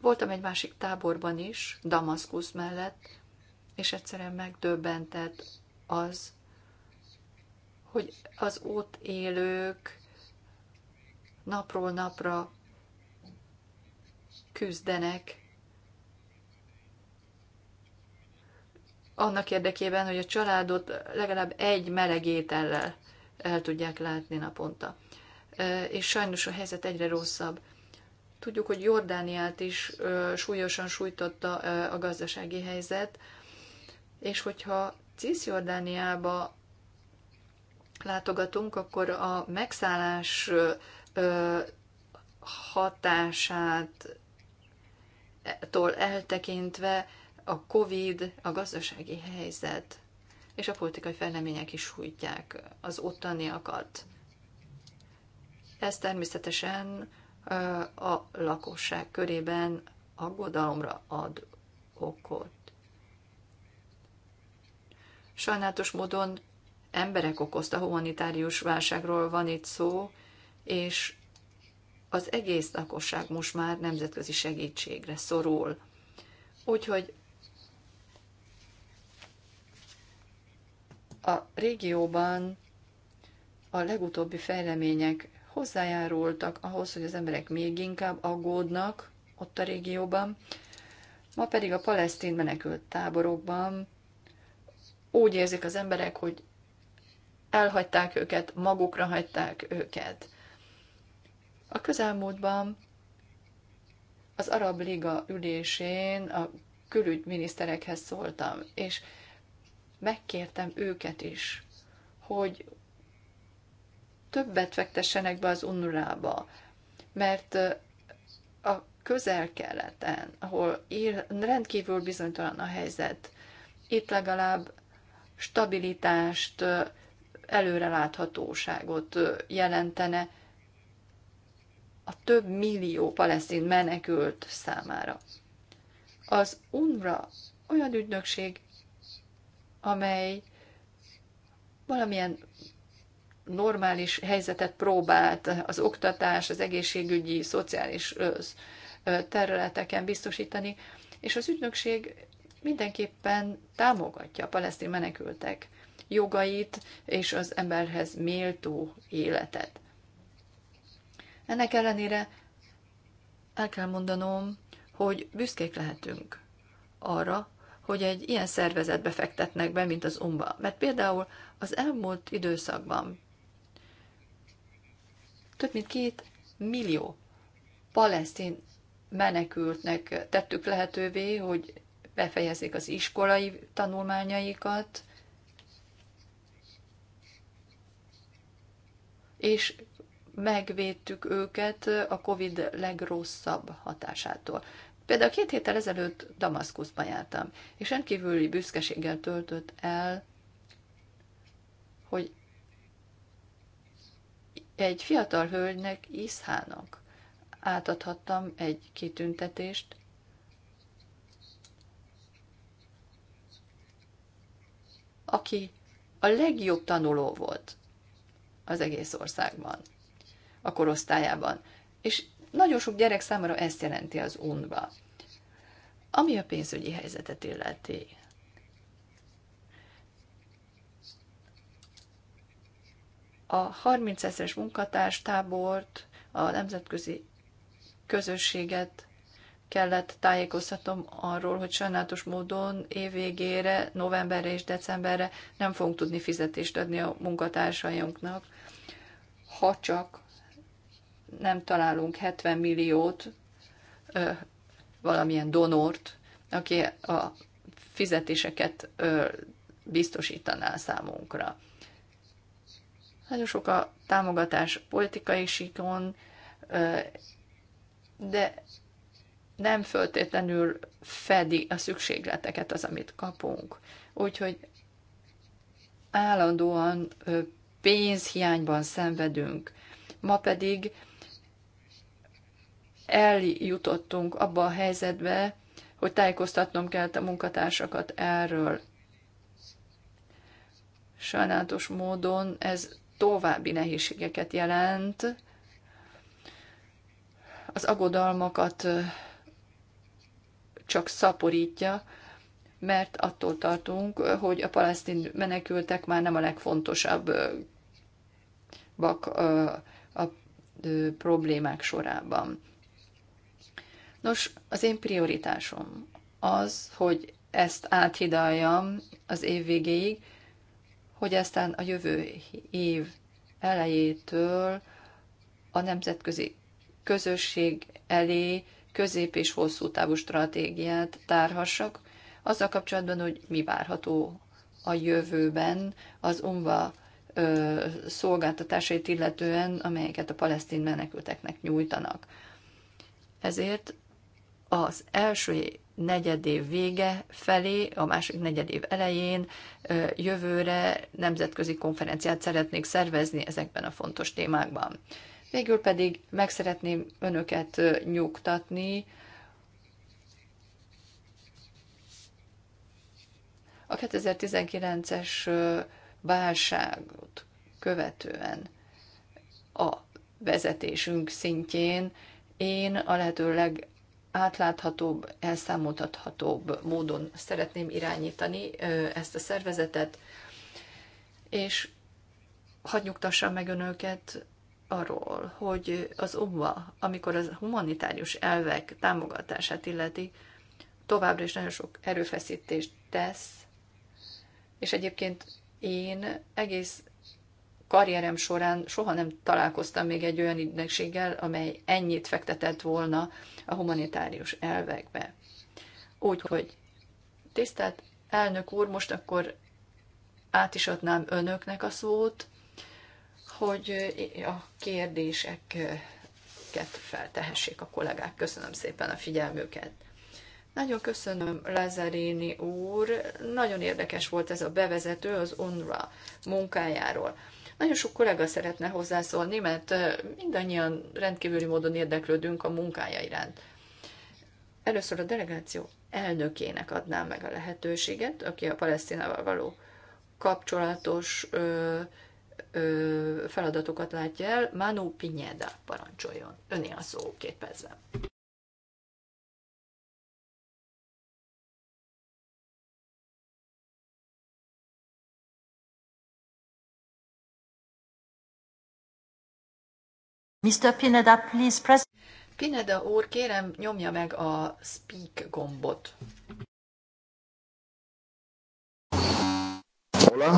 Voltam egy másik táborban is, Damaszkusz mellett, és egyszerűen megdöbbentett az, hogy az ott élők napról napra küzdenek annak érdekében, hogy a családot legalább egy meleg étellel el tudják látni naponta. És sajnos a helyzet egyre rosszabb. Tudjuk, hogy Jordániát is súlyosan sújtotta a gazdasági helyzet, és hogyha Cisjordániába látogatunk, akkor a megszállás hatásától eltekintve a COVID, a gazdasági helyzet és a politikai fejlemények is sújtják az ottaniakat. Ez természetesen a lakosság körében aggodalomra ad okot. Sajnálatos módon emberek okozta humanitárius válságról van itt szó, és az egész lakosság most már nemzetközi segítségre szorul. Úgyhogy A régióban a legutóbbi fejlemények hozzájárultak ahhoz, hogy az emberek még inkább aggódnak ott a régióban, ma pedig a palesztin menekült táborokban úgy érzik az emberek, hogy elhagyták őket, magukra hagyták őket. A közelmúltban az Arab Liga ülésén a külügyminiszterekhez szóltam, és megkértem őket is, hogy többet fektessenek be az unurába, mert a közel-keleten, ahol rendkívül bizonytalan a helyzet, itt legalább stabilitást, előreláthatóságot jelentene a több millió palesztin menekült számára. Az UNRWA olyan ügynökség, amely valamilyen normális helyzetet próbált az oktatás, az egészségügyi, szociális területeken biztosítani, és az ügynökség mindenképpen támogatja a palesztin menekültek jogait és az emberhez méltó életet. Ennek ellenére el kell mondanom, hogy büszkék lehetünk arra, hogy egy ilyen szervezetbe fektetnek be, mint az UMBA. Mert például az elmúlt időszakban több mint két millió palesztin menekültnek tettük lehetővé, hogy befejezzék az iskolai tanulmányaikat, és megvédtük őket a COVID legrosszabb hatásától. Például két héttel ezelőtt Damaszkuszban jártam, és rendkívüli büszkeséggel töltött el, hogy egy fiatal hölgynek, Iszhának átadhattam egy kitüntetést, aki a legjobb tanuló volt az egész országban, a korosztályában. És nagyon sok gyerek számára ezt jelenti az unva. Ami a pénzügyi helyzetet illeti. A 30 ezeres munkatárstábort, a nemzetközi közösséget kellett tájékoztatom arról, hogy sajnálatos módon évvégére, novemberre és decemberre nem fogunk tudni fizetést adni a munkatársainknak, ha csak nem találunk 70 milliót, ö, valamilyen donort, aki a fizetéseket ö, biztosítaná számunkra. Nagyon sok a támogatás politikai síkon, ö, de nem föltétlenül fedi a szükségleteket az, amit kapunk. Úgyhogy állandóan pénzhiányban szenvedünk. Ma pedig eljutottunk abba a helyzetbe, hogy tájékoztatnom kellett a munkatársakat erről. Sajnálatos módon ez további nehézségeket jelent. Az aggodalmakat csak szaporítja, mert attól tartunk, hogy a palesztin menekültek már nem a legfontosabb bak a problémák sorában. Nos, az én prioritásom az, hogy ezt áthidaljam az év végéig, hogy aztán a jövő év elejétől a nemzetközi közösség elé közép- és hosszú távú stratégiát tárhassak, azzal kapcsolatban, hogy mi várható a jövőben az UNVA ö, szolgáltatásait illetően, amelyeket a palesztin menekülteknek nyújtanak. Ezért az első negyedév vége felé, a másik negyedév elején jövőre nemzetközi konferenciát szeretnék szervezni ezekben a fontos témákban. Végül pedig meg szeretném önöket nyugtatni, a 2019-es válságot követően a vezetésünk szintjén én a lehető átláthatóbb, elszámoltathatóbb módon szeretném irányítani ezt a szervezetet, és hadd nyugtassam meg önöket arról, hogy az UMVA, amikor az humanitárius elvek támogatását illeti, továbbra is nagyon sok erőfeszítést tesz, és egyébként én egész karrierem során soha nem találkoztam még egy olyan idegséggel, amely ennyit fektetett volna a humanitárius elvekbe. Úgyhogy, tisztelt elnök úr, most akkor át is adnám önöknek a szót, hogy a kérdéseket feltehessék a kollégák. Köszönöm szépen a figyelmüket. Nagyon köszönöm, Lazarini úr. Nagyon érdekes volt ez a bevezető az UNRWA munkájáról. Nagyon sok kollega szeretne hozzászólni, mert mindannyian rendkívüli módon érdeklődünk a munkája iránt. Először a delegáció elnökének adnám meg a lehetőséget, aki a Palesztinával való kapcsolatos ö, ö, feladatokat látja el. Manu Pineda parancsoljon. Öné a szó két percben. Mr. Pineda, please press... Pineda úr, kérem, nyomja meg a speak gombot. Hola.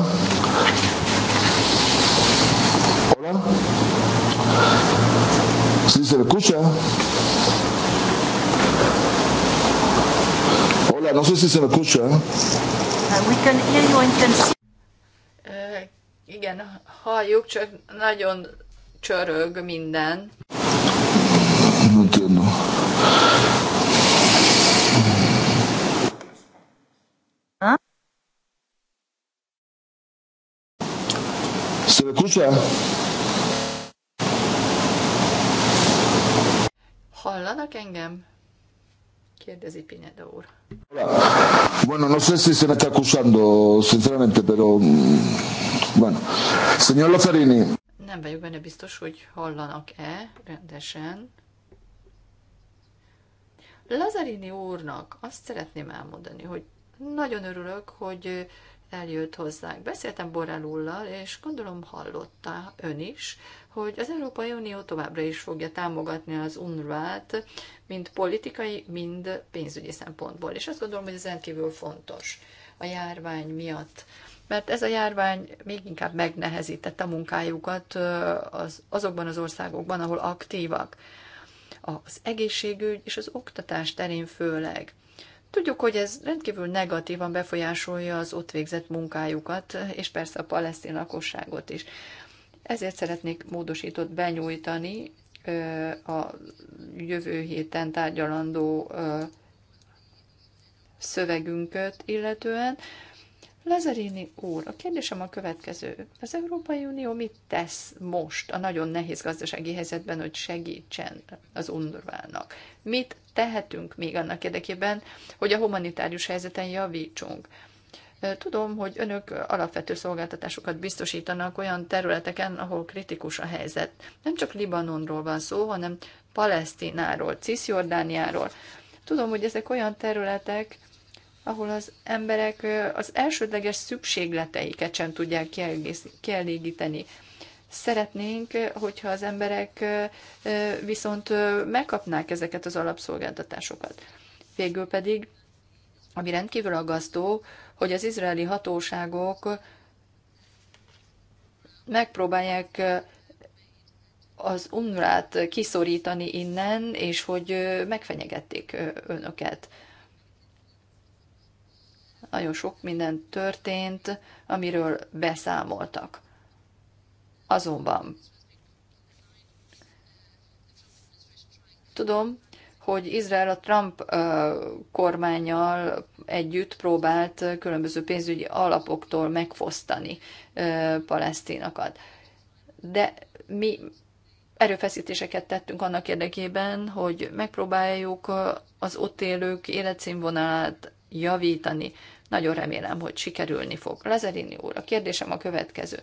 Hola. Si se escucha? Hola, no sé si se me escucha. Uh, we can hear you in Uh, igen, halljuk, csak nagyon csörög minden. No ¿Se escucha? Hallanak engem? Kérdezi Pineda úr. Bueno, no sé si se me está escuchando, sinceramente, pero mm, bueno. Señor Lozarini nem vagyok benne biztos, hogy hallanak-e rendesen. Lazarini úrnak azt szeretném elmondani, hogy nagyon örülök, hogy eljött hozzánk. Beszéltem Borrell és gondolom hallotta ön is, hogy az Európai Unió továbbra is fogja támogatni az UNRWA-t, mind politikai, mind pénzügyi szempontból. És azt gondolom, hogy ez rendkívül fontos a járvány miatt mert ez a járvány még inkább megnehezítette a munkájukat az, azokban az országokban, ahol aktívak. Az egészségügy és az oktatás terén főleg. Tudjuk, hogy ez rendkívül negatívan befolyásolja az ott végzett munkájukat, és persze a palesztin lakosságot is. Ezért szeretnék módosított benyújtani a jövő héten tárgyalandó szövegünket illetően, Lazarini úr, a kérdésem a következő. Az Európai Unió mit tesz most a nagyon nehéz gazdasági helyzetben, hogy segítsen az undorvának? Mit tehetünk még annak érdekében, hogy a humanitárius helyzeten javítsunk? Tudom, hogy önök alapvető szolgáltatásokat biztosítanak olyan területeken, ahol kritikus a helyzet. Nem csak Libanonról van szó, hanem Palesztináról, Cisjordániáról. Tudom, hogy ezek olyan területek, ahol az emberek az elsődleges szükségleteiket sem tudják kielégíteni. Szeretnénk, hogyha az emberek viszont megkapnák ezeket az alapszolgáltatásokat. Végül pedig, ami rendkívül aggasztó, hogy az izraeli hatóságok megpróbálják az umrát kiszorítani innen, és hogy megfenyegették önöket nagyon sok minden történt, amiről beszámoltak. Azonban tudom, hogy Izrael a Trump kormányjal együtt próbált különböző pénzügyi alapoktól megfosztani palesztinakat. De mi erőfeszítéseket tettünk annak érdekében, hogy megpróbáljuk az ott élők életszínvonalát javítani. Nagyon remélem, hogy sikerülni fog. Lazarini úr, a kérdésem a következő.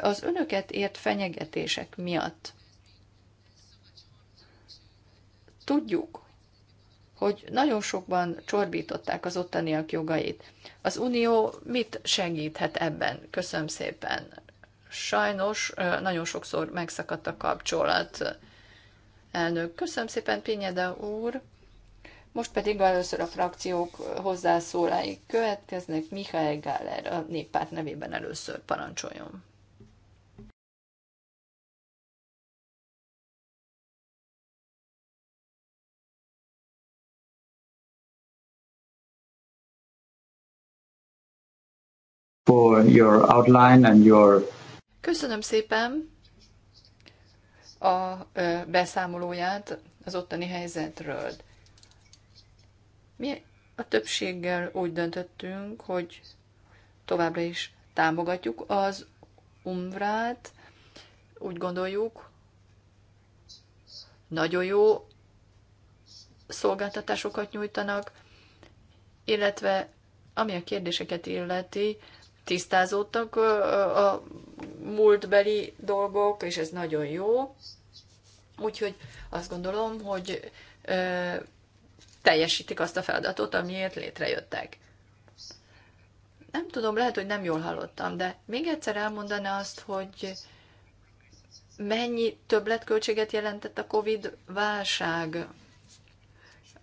Az önöket ért fenyegetések miatt tudjuk, hogy nagyon sokban csorbították az ottaniak jogait. Az Unió mit segíthet ebben? Köszönöm szépen. Sajnos nagyon sokszor megszakadt a kapcsolat. Elnök, köszönöm szépen, Pinyeda úr. Most pedig először a frakciók hozzászóláik következnek. Mihály Gáler a néppárt nevében először parancsoljon. For your outline and your... Köszönöm szépen a beszámolóját az ottani helyzetről. Mi a többséggel úgy döntöttünk, hogy továbbra is támogatjuk az umvrát, úgy gondoljuk, nagyon jó szolgáltatásokat nyújtanak, illetve ami a kérdéseket illeti, tisztázódtak a múltbeli dolgok, és ez nagyon jó. Úgyhogy azt gondolom, hogy teljesítik azt a feladatot, amiért létrejöttek. Nem tudom, lehet, hogy nem jól hallottam, de még egyszer elmondaná azt, hogy mennyi többletköltséget jelentett a COVID-válság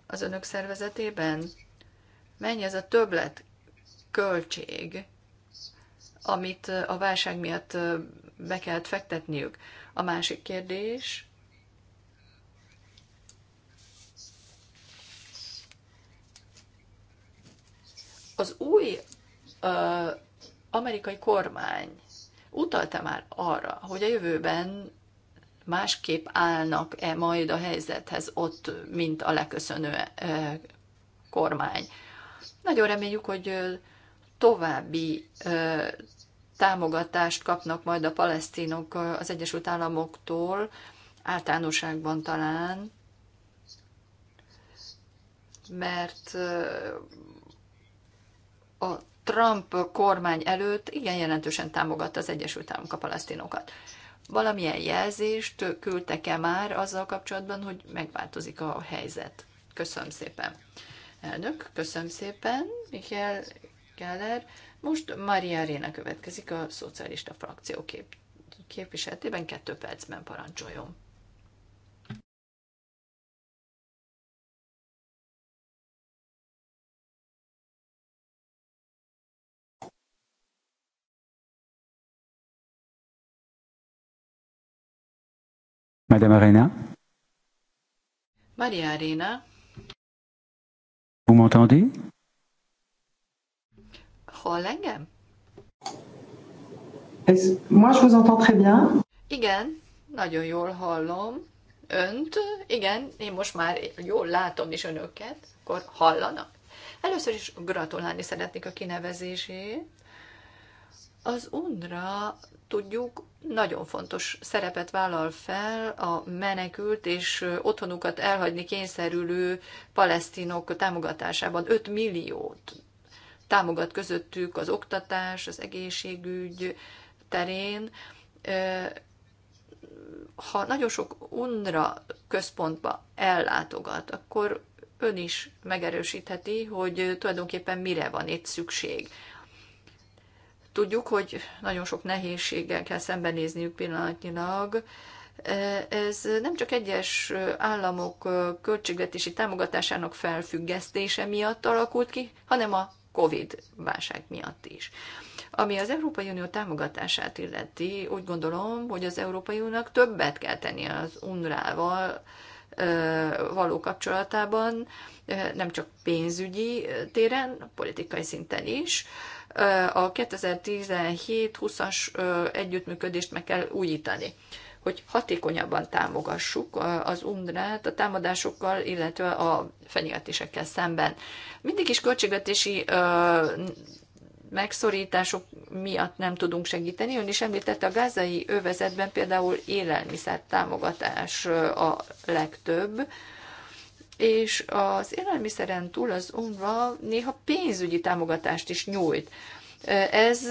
az önök szervezetében? Mennyi ez a többletköltség, amit a válság miatt be kellett fektetniük? A másik kérdés, Az új uh, amerikai kormány utalta már arra, hogy a jövőben másképp állnak-e majd a helyzethez ott, mint a leköszönő uh, kormány. Nagyon reméljük, hogy további uh, támogatást kapnak majd a palesztinok az Egyesült Államoktól, általánosságban talán, mert a Trump kormány előtt igen jelentősen támogatta az Egyesült Államok a palesztinokat. Valamilyen jelzést küldtek-e már azzal kapcsolatban, hogy megváltozik a helyzet? Köszönöm szépen. Elnök, köszönöm szépen. Michael Keller. Most Maria Réna következik a szocialista frakció kép- képviseletében, kettő percben parancsoljon. Madame Arena Maria Arena Vous m'entendez Hall moi je vous entends très bien. Igen, nagyon jól hallom. Önt, igen, én most már jól látom is önöket, akkor hallanak. Először is gratulálni szeretnék a kinevezésé. Az UNRA tudjuk, nagyon fontos szerepet vállal fel a menekült és otthonukat elhagyni kényszerülő palesztinok támogatásában. 5 milliót támogat közöttük az oktatás, az egészségügy terén. Ha nagyon sok UNRA központba ellátogat, akkor ön is megerősítheti, hogy tulajdonképpen mire van itt szükség Tudjuk, hogy nagyon sok nehézséggel kell szembenézniük pillanatnyilag. E, ez nem csak egyes államok költségvetési támogatásának felfüggesztése miatt alakult ki, hanem a COVID válság miatt is. Ami az Európai Unió támogatását illeti, úgy gondolom, hogy az Európai Uniónak többet kell tenni az UNRÁ-val e, való kapcsolatában, e, nem csak pénzügyi téren, politikai szinten is a 2017-20-as együttműködést meg kell újítani hogy hatékonyabban támogassuk az UNDRÁT a támadásokkal, illetve a fenyegetésekkel szemben. Mindig is költségvetési megszorítások miatt nem tudunk segíteni. Ön is említette a gázai övezetben például élelmiszer támogatás a legtöbb, és az élelmiszeren túl az UNRWA néha pénzügyi támogatást is nyújt. Ez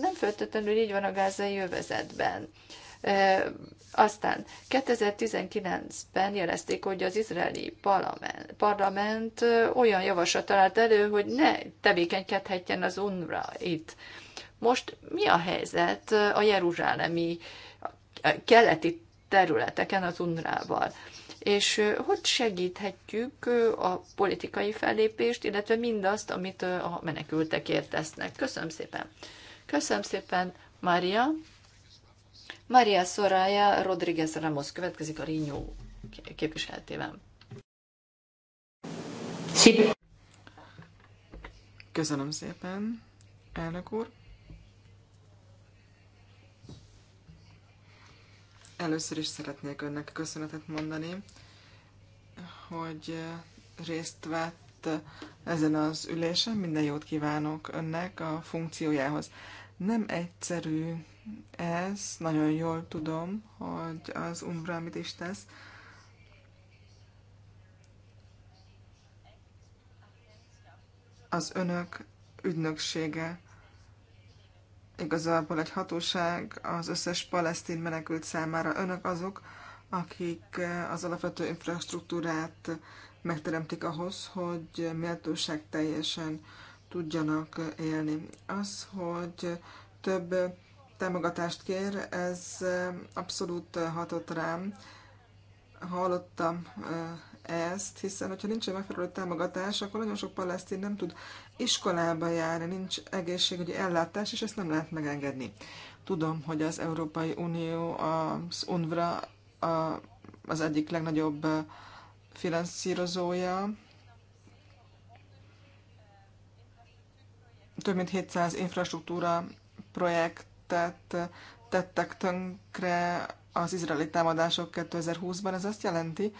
nem feltétlenül így van a gázai övezetben. Aztán 2019-ben jelezték, hogy az izraeli parlament, parlament olyan javaslat talált elő, hogy ne tevékenykedhetjen az UNRWA itt. Most mi a helyzet a jeruzsálemi a keleti területeken az UNRWA-val? és hogy segíthetjük a politikai fellépést, illetve mindazt, amit a menekültekért tesznek. Köszönöm szépen. Köszönöm szépen, Mária. Maria Soraya Rodriguez Ramos következik a Rinyó képviseletében. Köszönöm szépen, elnök úr. Először is szeretnék önnek köszönetet mondani, hogy részt vett ezen az ülésen. Minden jót kívánok önnek a funkciójához. Nem egyszerű ez, nagyon jól tudom, hogy az Umbra amit is tesz. Az önök ügynöksége igazából egy hatóság az összes palesztin menekült számára. Önök azok, akik az alapvető infrastruktúrát megteremtik ahhoz, hogy méltóság teljesen tudjanak élni. Az, hogy több támogatást kér, ez abszolút hatott rám. Hallottam ezt, hiszen hogyha nincs egy megfelelő támogatás, akkor nagyon sok palesztin nem tud iskolába járni, nincs egészségügyi ellátás, és ezt nem lehet megengedni. Tudom, hogy az Európai Unió, az UNVRA a, az egyik legnagyobb finanszírozója, több mint 700 infrastruktúra projektet tettek tönkre az izraeli támadások 2020-ban. Ez azt jelenti,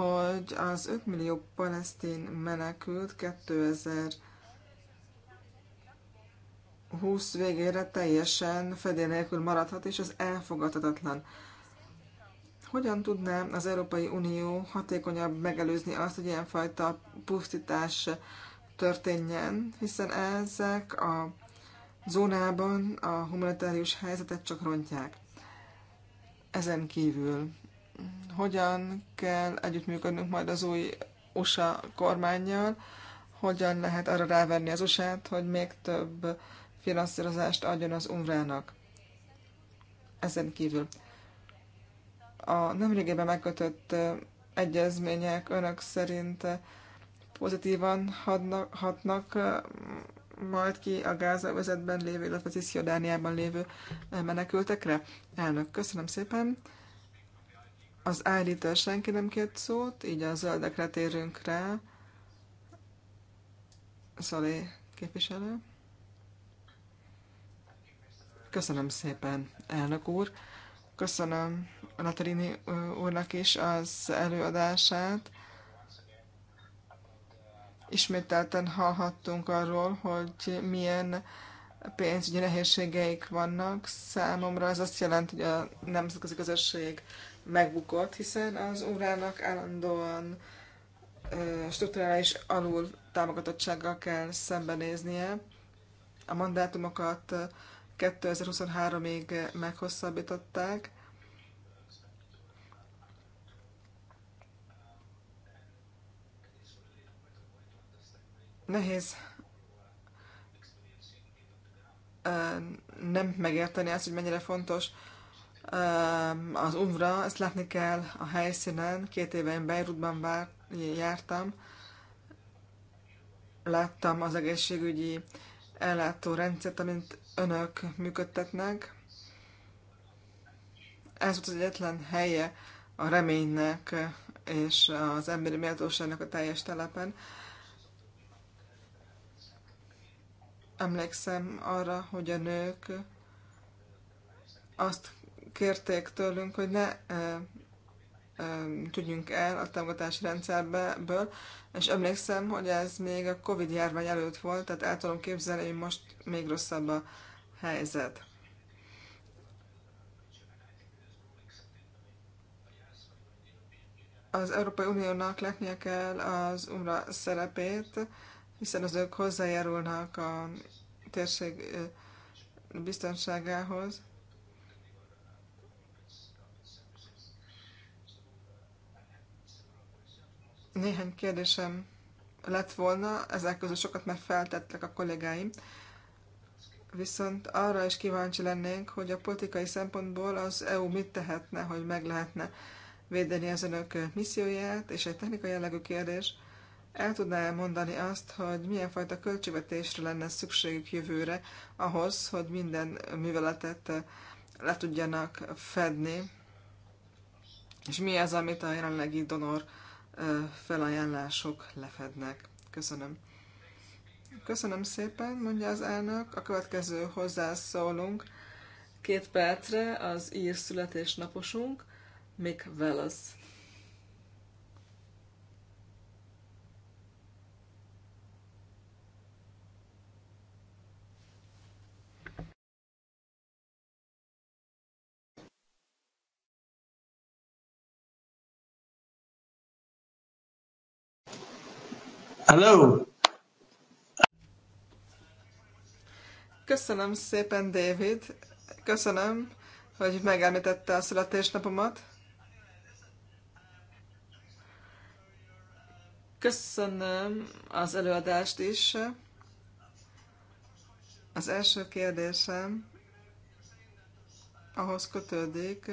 hogy az 5 millió palesztin menekült 2020 végére teljesen fedél nélkül maradhat, és ez elfogadhatatlan. Hogyan tudná az Európai Unió hatékonyabb megelőzni azt, hogy ilyenfajta pusztítás történjen, hiszen ezek a zónában a humanitárius helyzetet csak rontják. Ezen kívül hogyan kell együttműködnünk majd az új USA kormányjal, hogyan lehet arra rávenni az usa hogy még több finanszírozást adjon az UNRWA-nak. Ezen kívül a nemrégében megkötött egyezmények önök szerint pozitívan hadnak, hatnak majd ki a gázavezetben lévő, illetve Cisziordániában lévő menekültekre? Elnök, köszönöm szépen. Az állítás senki nem kért szót, így a zöldekre térünk rá. Szolé képviselő. Köszönöm szépen, elnök úr. Köszönöm Natalini úrnak is az előadását. Ismételten hallhattunk arról, hogy milyen pénzügyi nehézségeik vannak. Számomra ez azt jelenti, hogy a nemzetközi közösség megbukott, hiszen az órának állandóan strukturális alul támogatottsággal kell szembenéznie. A mandátumokat 2023-ig meghosszabbították. Nehéz nem megérteni azt, hogy mennyire fontos az UMRA, ezt látni kell a helyszínen. Két éve én Beirutban vár, jártam, láttam az egészségügyi rendszert, amint önök működtetnek. Ez volt az egyetlen helye a reménynek és az emberi méltóságnak a teljes telepen. Emlékszem arra, hogy a nők azt kérték tőlünk, hogy ne tűnjünk el a támogatási rendszerből, és emlékszem, hogy ez még a Covid járvány előtt volt, tehát el tudom képzelni, hogy most még rosszabb a helyzet. Az Európai Uniónak látnia kell az umra szerepét, hiszen az ők hozzájárulnak a térség biztonságához. Néhány kérdésem lett volna, ezek közül sokat már feltettek a kollégáim, viszont arra is kíváncsi lennénk, hogy a politikai szempontból az EU mit tehetne, hogy meg lehetne védeni az önök misszióját, és egy technikai jellegű kérdés, el tudná mondani azt, hogy milyen fajta költségvetésre lenne szükségük jövőre ahhoz, hogy minden műveletet le tudjanak fedni, és mi az, amit a jelenlegi donor felajánlások lefednek. Köszönöm. Köszönöm szépen, mondja az elnök. A következő hozzászólunk két percre az ír születésnaposunk, Mick Wallace. Hello! Köszönöm szépen, David. Köszönöm, hogy megemlítette a születésnapomat. Köszönöm az előadást is. Az első kérdésem ahhoz kötődik,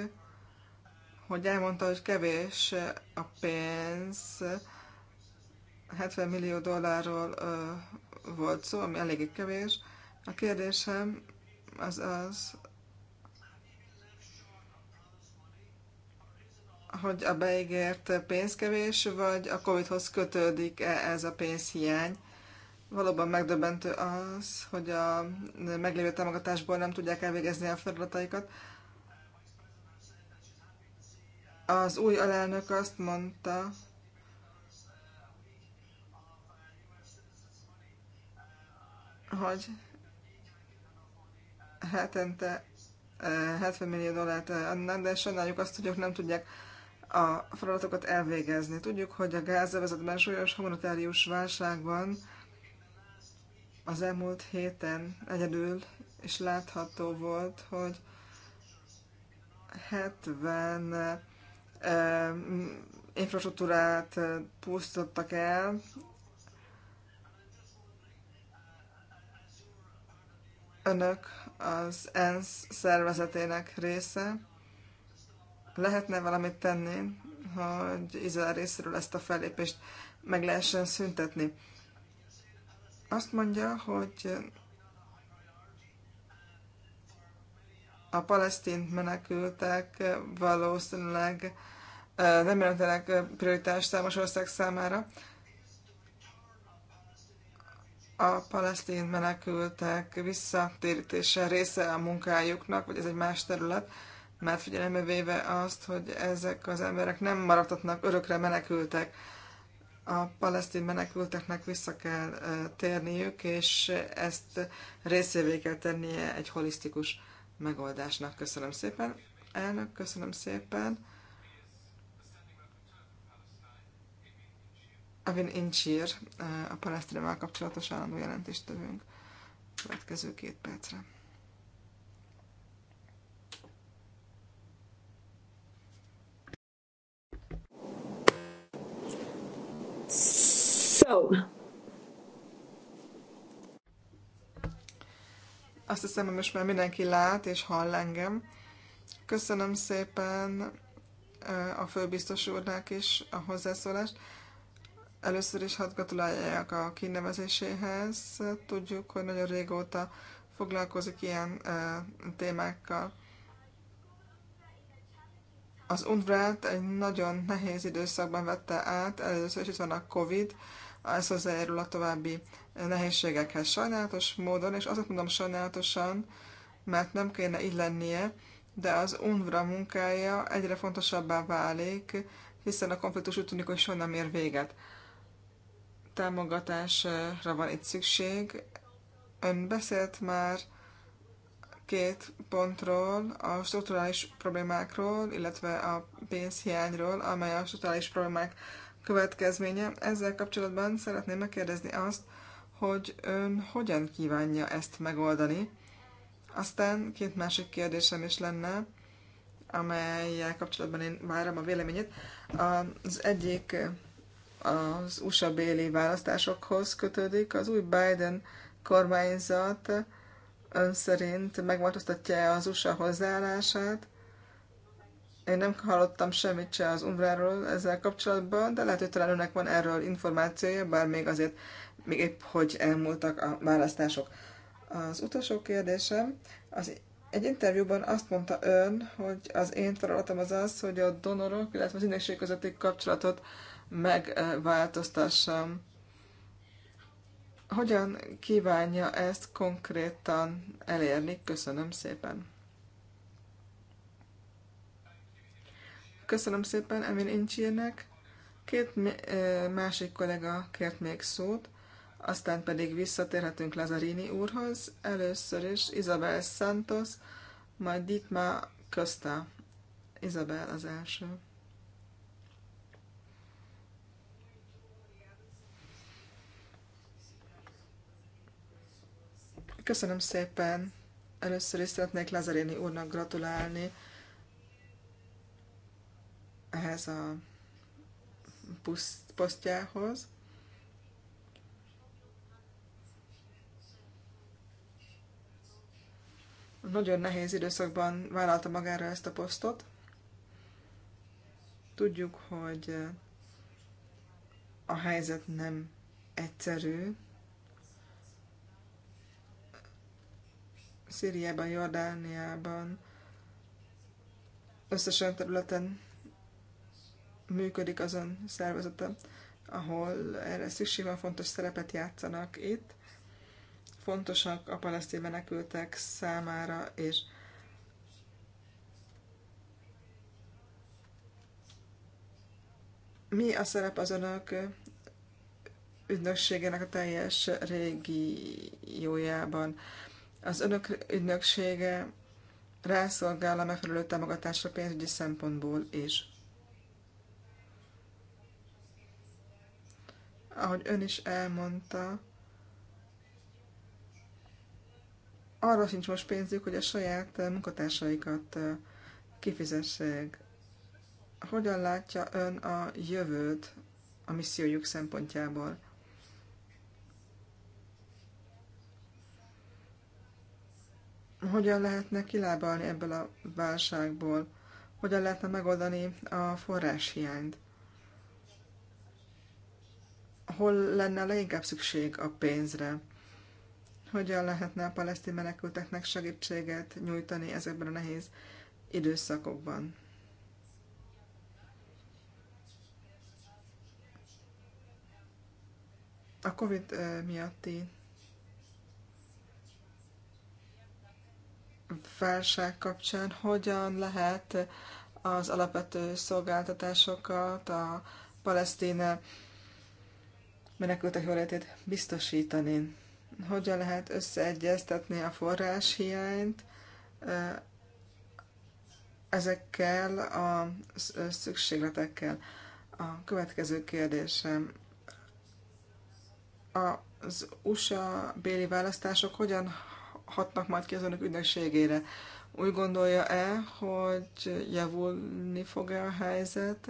hogy elmondta, hogy kevés a pénz 70 millió dollárról volt szó, ami eléggé kevés. A kérdésem az az, hogy a beígért pénz kevés, vagy a Covid-hoz kötődik-e ez a pénzhiány. Valóban megdöbbentő az, hogy a meglévő támogatásból nem tudják elvégezni a feladataikat. Az új alelnök azt mondta, hogy hetente 70 eh, millió dollárt eh, adnak, de sajnáljuk azt, hogy ők nem tudják a feladatokat elvégezni. Tudjuk, hogy a gázövezetben súlyos humanitárius válság van. Az elmúlt héten egyedül és látható volt, hogy 70 eh, infrastruktúrát pusztottak el, önök az ENSZ szervezetének része. Lehetne valamit tenni, hogy Izrael részéről ezt a fellépést meg lehessen szüntetni? Azt mondja, hogy a palesztin menekültek valószínűleg nem jelentenek prioritást számos ország számára, a palesztin menekültek visszatérítése része a munkájuknak, vagy ez egy más terület, mert figyelembe véve azt, hogy ezek az emberek nem maradhatnak örökre menekültek, a palesztin menekülteknek vissza kell térniük, és ezt részévé kell tennie egy holisztikus megoldásnak. Köszönöm szépen, elnök, köszönöm szépen. Evin Incsír, eh, a palesztinával kapcsolatos állandó jelentést tövünk következő két percre. So. Azt hiszem, hogy most már mindenki lát és hall engem. Köszönöm szépen eh, a főbiztos úrnak is a hozzászólást. Először is hadd gratulálják a kinevezéséhez. Tudjuk, hogy nagyon régóta foglalkozik ilyen témákkal. Az Unvrát egy nagyon nehéz időszakban vette át, először is itt van a Covid, ez hozzájárul a további nehézségekhez sajnálatos módon, és azt mondom sajnálatosan, mert nem kéne így lennie, de az UNVRA munkája egyre fontosabbá válik, hiszen a konfliktus úgy tűnik, hogy soha nem ér véget támogatásra van itt szükség. Ön beszélt már két pontról, a strukturális problémákról, illetve a pénzhiányról, amely a strukturális problémák következménye. Ezzel kapcsolatban szeretném megkérdezni azt, hogy ön hogyan kívánja ezt megoldani. Aztán két másik kérdésem is lenne, amelyel kapcsolatban én várom a véleményét. Az egyik az USA béli választásokhoz kötődik. Az új Biden kormányzat ön szerint megváltoztatja az USA hozzáállását. Én nem hallottam semmit se az Umbráról ezzel kapcsolatban, de lehet, hogy talán önnek van erről információja, bár még azért még épp, hogy elmúltak a választások. Az utolsó kérdésem, az egy interjúban azt mondta ön, hogy az én feladatom az az, hogy a donorok, illetve az ünnepség közötti kapcsolatot megváltoztassam. Hogyan kívánja ezt konkrétan elérni? Köszönöm szépen. Köszönöm szépen Emil Incsírnek. Két másik kollega kért még szót, aztán pedig visszatérhetünk Lazarini úrhoz. Először is Isabel Santos, majd Dietmar Costa. Isabel az első. Köszönöm szépen. Először is szeretnék Lazarini úrnak gratulálni ehhez a posztjához. Nagyon nehéz időszakban vállalta magára ezt a posztot. Tudjuk, hogy a helyzet nem egyszerű, Szíriában, Jordániában, összesen területen működik azon szervezete, ahol erre szükség van, fontos szerepet játszanak itt. Fontosak a palesztin menekültek számára, és mi a szerep az önök ügynökségének a teljes régiójában? Az önök ügynöksége rászolgál a megfelelő támogatásra pénzügyi szempontból is. Ahogy ön is elmondta, arra sincs most pénzük, hogy a saját munkatársaikat kifizessék. Hogyan látja ön a jövőt a missziójuk szempontjából? hogyan lehetne kilábalni ebből a válságból, hogyan lehetne megoldani a forráshiányt, hol lenne leginkább szükség a pénzre, hogyan lehetne a palesztin menekülteknek segítséget nyújtani ezekben a nehéz időszakokban. A COVID eh, miatti válság kapcsán hogyan lehet az alapvető szolgáltatásokat, a palesztin menekültek jólétét biztosítani. Hogyan lehet összeegyeztetni a forráshiányt eh, ezekkel a eh, szükségletekkel? A következő kérdésem. Az USA béli választások hogyan hatnak majd ki az önök ügynökségére. Úgy gondolja-e, hogy javulni fog-e a helyzet?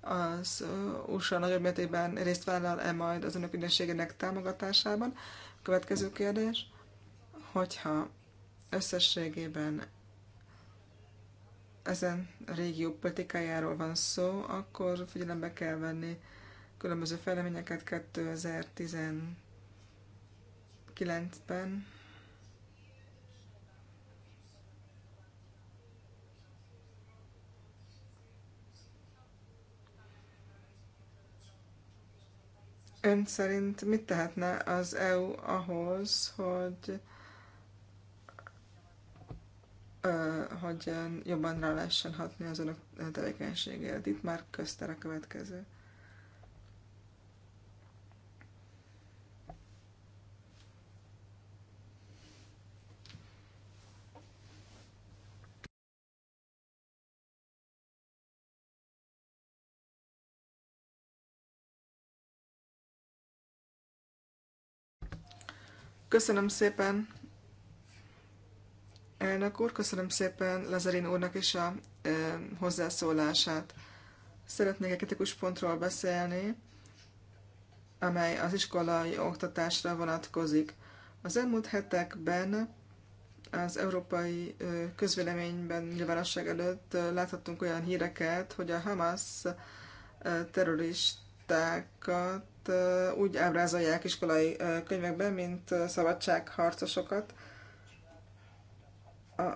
Az USA nagyobb mértékben részt vállal-e majd az önök ügynökségének támogatásában? Következő kérdés, hogyha összességében ezen régió politikájáról van szó, akkor figyelembe kell venni különböző fejleményeket 2019-ben, Ön szerint mit tehetne az EU ahhoz, hogy hogy jobban rá lehessen hatni az önök tevékenységére. Itt már közter a következő. Köszönöm szépen, elnök úr, köszönöm szépen Lazarin úrnak is a e, hozzászólását. Szeretnék egy kritikus pontról beszélni, amely az iskolai oktatásra vonatkozik. Az elmúlt hetekben az európai közvéleményben nyilvánosság előtt láthattunk olyan híreket, hogy a Hamas terrorist aktivistákat úgy ábrázolják iskolai könyvekben, mint szabadságharcosokat. A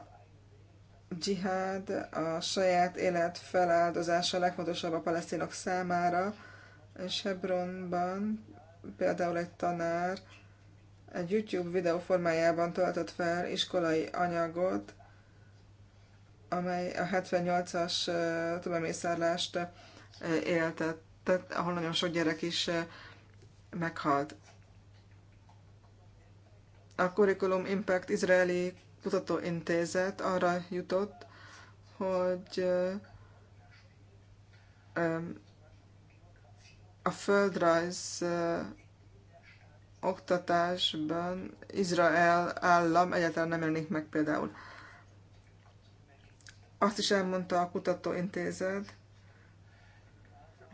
dzsihád a saját élet feláldozása legfontosabb a palesztinok számára, és Hebronban például egy tanár egy YouTube videó formájában töltött fel iskolai anyagot, amely a 78-as tömegmészárlást éltet tehát, ahol nagyon sok gyerek is eh, meghalt. A Curriculum Impact Izraeli Kutatóintézet arra jutott, hogy eh, a földrajz eh, oktatásban Izrael állam egyáltalán nem jelenik meg például. Azt is elmondta a kutatóintézet,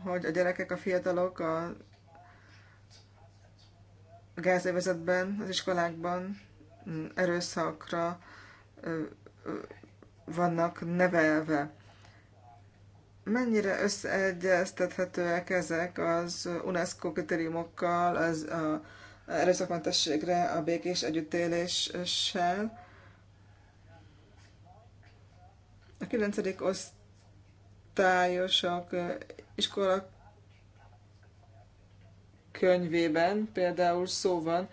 hogy a gyerekek, a fiatalok a gázévezetben, az iskolákban mm, erőszakra vannak nevelve. Mennyire összeegyeztethetőek ezek az UNESCO kritériumokkal, az a erőszakmentességre, a békés együttéléssel? A 9. oszt osztályosak iskola könyvében például szó van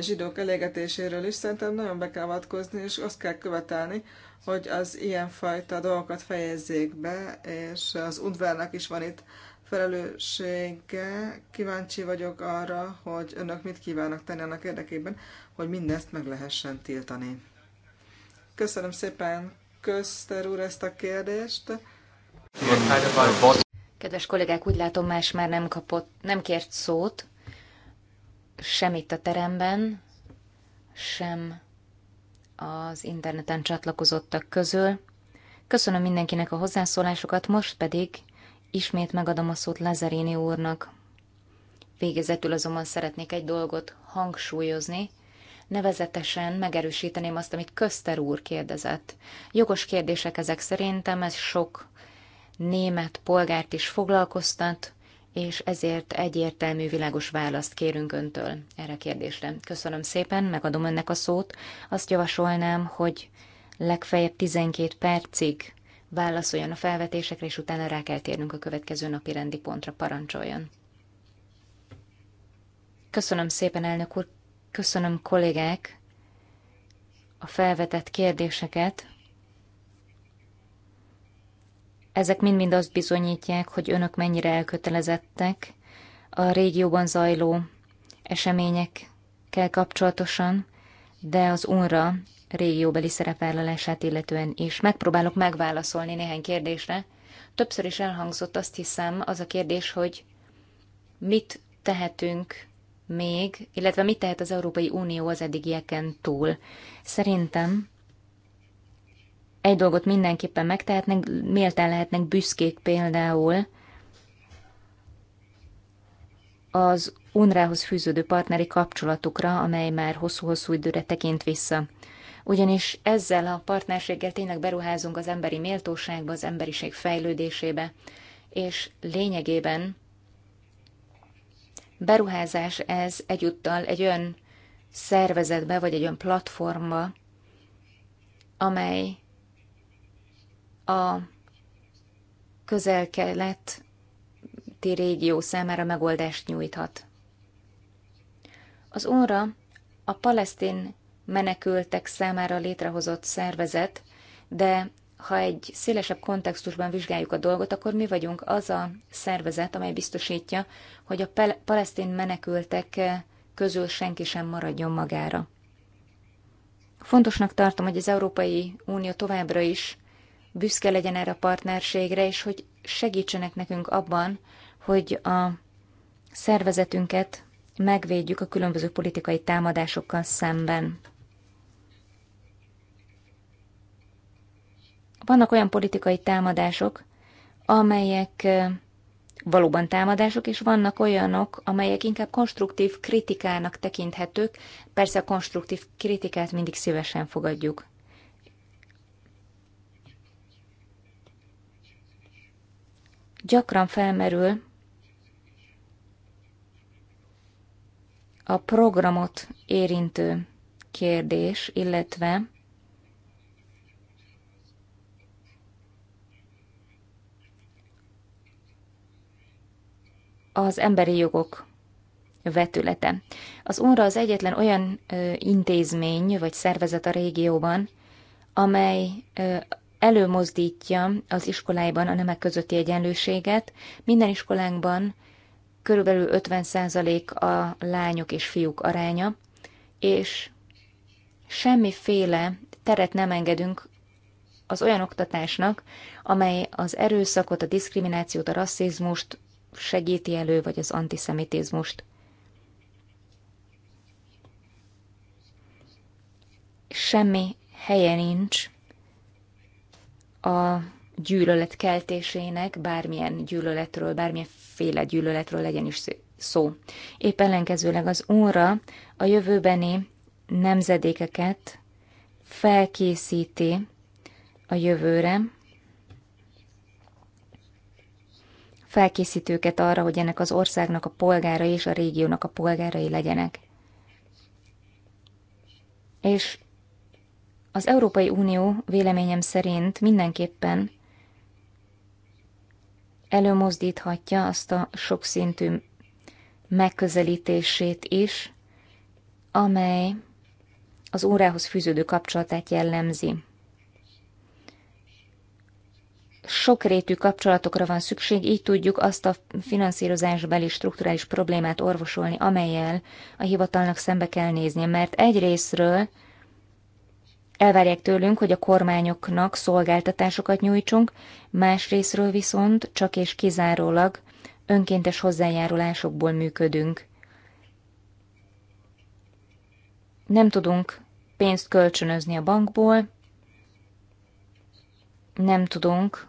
zsidók elégetéséről is, szerintem nagyon be kell avatkozni, és azt kell követelni, hogy az ilyenfajta dolgokat fejezzék be, és az udvarnak is van itt felelőssége. Kíváncsi vagyok arra, hogy önök mit kívánnak tenni annak érdekében, hogy mindezt meg lehessen tiltani. Köszönöm szépen, Köszter úr, ezt a kérdést. Kedves kollégák, úgy látom, más már nem kapott, nem kért szót, sem itt a teremben, sem az interneten csatlakozottak közül. Köszönöm mindenkinek a hozzászólásokat, most pedig ismét megadom a szót Lazarini úrnak. Végezetül azonban szeretnék egy dolgot hangsúlyozni, nevezetesen megerősíteném azt, amit Köster úr kérdezett. Jogos kérdések ezek szerintem, ez sok német polgárt is foglalkoztat, és ezért egyértelmű, világos választ kérünk öntől erre a kérdésre. Köszönöm szépen, megadom önnek a szót. Azt javasolnám, hogy legfeljebb 12 percig válaszoljon a felvetésekre, és utána rá kell térnünk a következő napi rendi pontra, parancsoljon. Köszönöm szépen, elnök úr, köszönöm kollégák a felvetett kérdéseket. Ezek mind-mind azt bizonyítják, hogy önök mennyire elkötelezettek a régióban zajló eseményekkel kapcsolatosan, de az UNRA régióbeli szerepvállalását illetően is. Megpróbálok megválaszolni néhány kérdésre. Többször is elhangzott azt hiszem az a kérdés, hogy mit tehetünk még, illetve mit tehet az Európai Unió az eddigieken túl. Szerintem egy dolgot mindenképpen megtehetnek, méltán lehetnek büszkék például az UNRWA-hoz fűződő partneri kapcsolatukra, amely már hosszú-hosszú időre tekint vissza. Ugyanis ezzel a partnerséggel tényleg beruházunk az emberi méltóságba, az emberiség fejlődésébe, és lényegében beruházás ez egyúttal egy olyan szervezetbe, vagy egy olyan platformba, amely a közel-keleti régió számára megoldást nyújthat. Az ONRA a palesztin menekültek számára létrehozott szervezet, de ha egy szélesebb kontextusban vizsgáljuk a dolgot, akkor mi vagyunk az a szervezet, amely biztosítja, hogy a palesztin menekültek közül senki sem maradjon magára. Fontosnak tartom, hogy az Európai Unió továbbra is büszke legyen erre a partnerségre, és hogy segítsenek nekünk abban, hogy a szervezetünket megvédjük a különböző politikai támadásokkal szemben. Vannak olyan politikai támadások, amelyek valóban támadások, és vannak olyanok, amelyek inkább konstruktív kritikának tekinthetők. Persze a konstruktív kritikát mindig szívesen fogadjuk. gyakran felmerül a programot érintő kérdés, illetve az emberi jogok vetülete. Az UNRWA az egyetlen olyan ö, intézmény vagy szervezet a régióban, amely ö, előmozdítja az iskoláiban a nemek közötti egyenlőséget. Minden iskolánkban körülbelül 50% a lányok és fiúk aránya, és semmiféle teret nem engedünk az olyan oktatásnak, amely az erőszakot, a diszkriminációt, a rasszizmust segíti elő, vagy az antiszemitizmust. Semmi helye nincs a gyűlölet keltésének, bármilyen gyűlöletről, bármilyen féle gyűlöletről legyen is szó. Épp ellenkezőleg az óra a jövőbeni nemzedékeket felkészíti a jövőre, felkészítőket arra, hogy ennek az országnak a polgárai és a régiónak a polgárai legyenek. És az Európai Unió véleményem szerint mindenképpen előmozdíthatja azt a sokszintű megközelítését is, amely az órához fűződő kapcsolatát jellemzi. Sokrétű kapcsolatokra van szükség, így tudjuk azt a finanszírozásbeli strukturális problémát orvosolni, amelyel a hivatalnak szembe kell néznie, mert egyrésztről részről Elvárják tőlünk, hogy a kormányoknak szolgáltatásokat nyújtsunk, másrésztről viszont csak és kizárólag önkéntes hozzájárulásokból működünk. Nem tudunk pénzt kölcsönözni a bankból, nem tudunk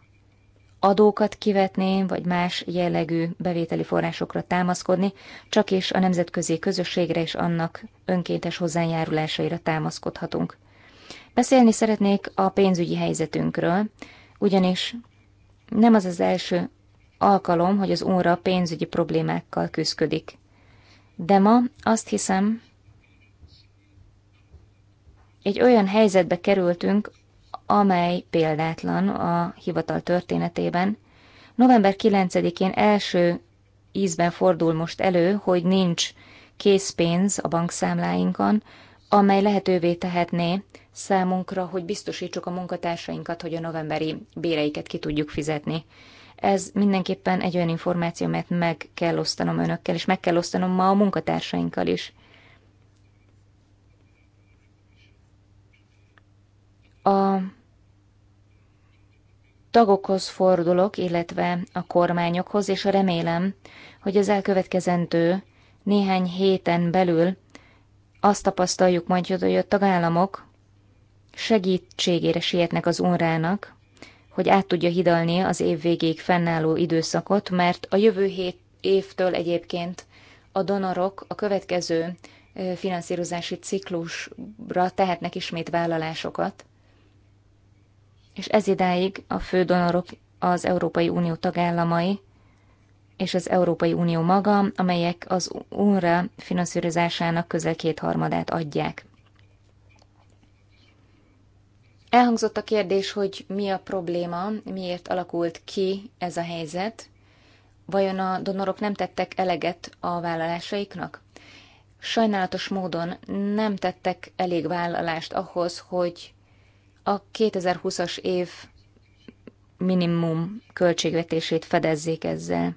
adókat kivetni, vagy más jellegű bevételi forrásokra támaszkodni, csak és a nemzetközi közösségre és annak önkéntes hozzájárulásaira támaszkodhatunk. Beszélni szeretnék a pénzügyi helyzetünkről, ugyanis nem az az első alkalom, hogy az óra pénzügyi problémákkal küzdik. De ma azt hiszem, egy olyan helyzetbe kerültünk, amely példátlan a hivatal történetében. November 9-én első ízben fordul most elő, hogy nincs készpénz a bankszámláinkon, amely lehetővé tehetné számunkra, hogy biztosítsuk a munkatársainkat, hogy a novemberi béreiket ki tudjuk fizetni. Ez mindenképpen egy olyan információ, mert meg kell osztanom önökkel, és meg kell osztanom ma a munkatársainkkal is. A tagokhoz fordulok, illetve a kormányokhoz, és remélem, hogy az elkövetkezendő néhány héten belül azt tapasztaljuk majd, hogy a tagállamok segítségére sietnek az unrának, hogy át tudja hidalni az év végéig fennálló időszakot, mert a jövő hét évtől egyébként a donorok a következő finanszírozási ciklusra tehetnek ismét vállalásokat, és ez idáig a fő donorok az Európai Unió tagállamai és az Európai Unió maga, amelyek az UNRWA finanszírozásának közel kétharmadát adják. Elhangzott a kérdés, hogy mi a probléma, miért alakult ki ez a helyzet, vajon a donorok nem tettek eleget a vállalásaiknak? Sajnálatos módon nem tettek elég vállalást ahhoz, hogy a 2020-as év minimum költségvetését fedezzék ezzel.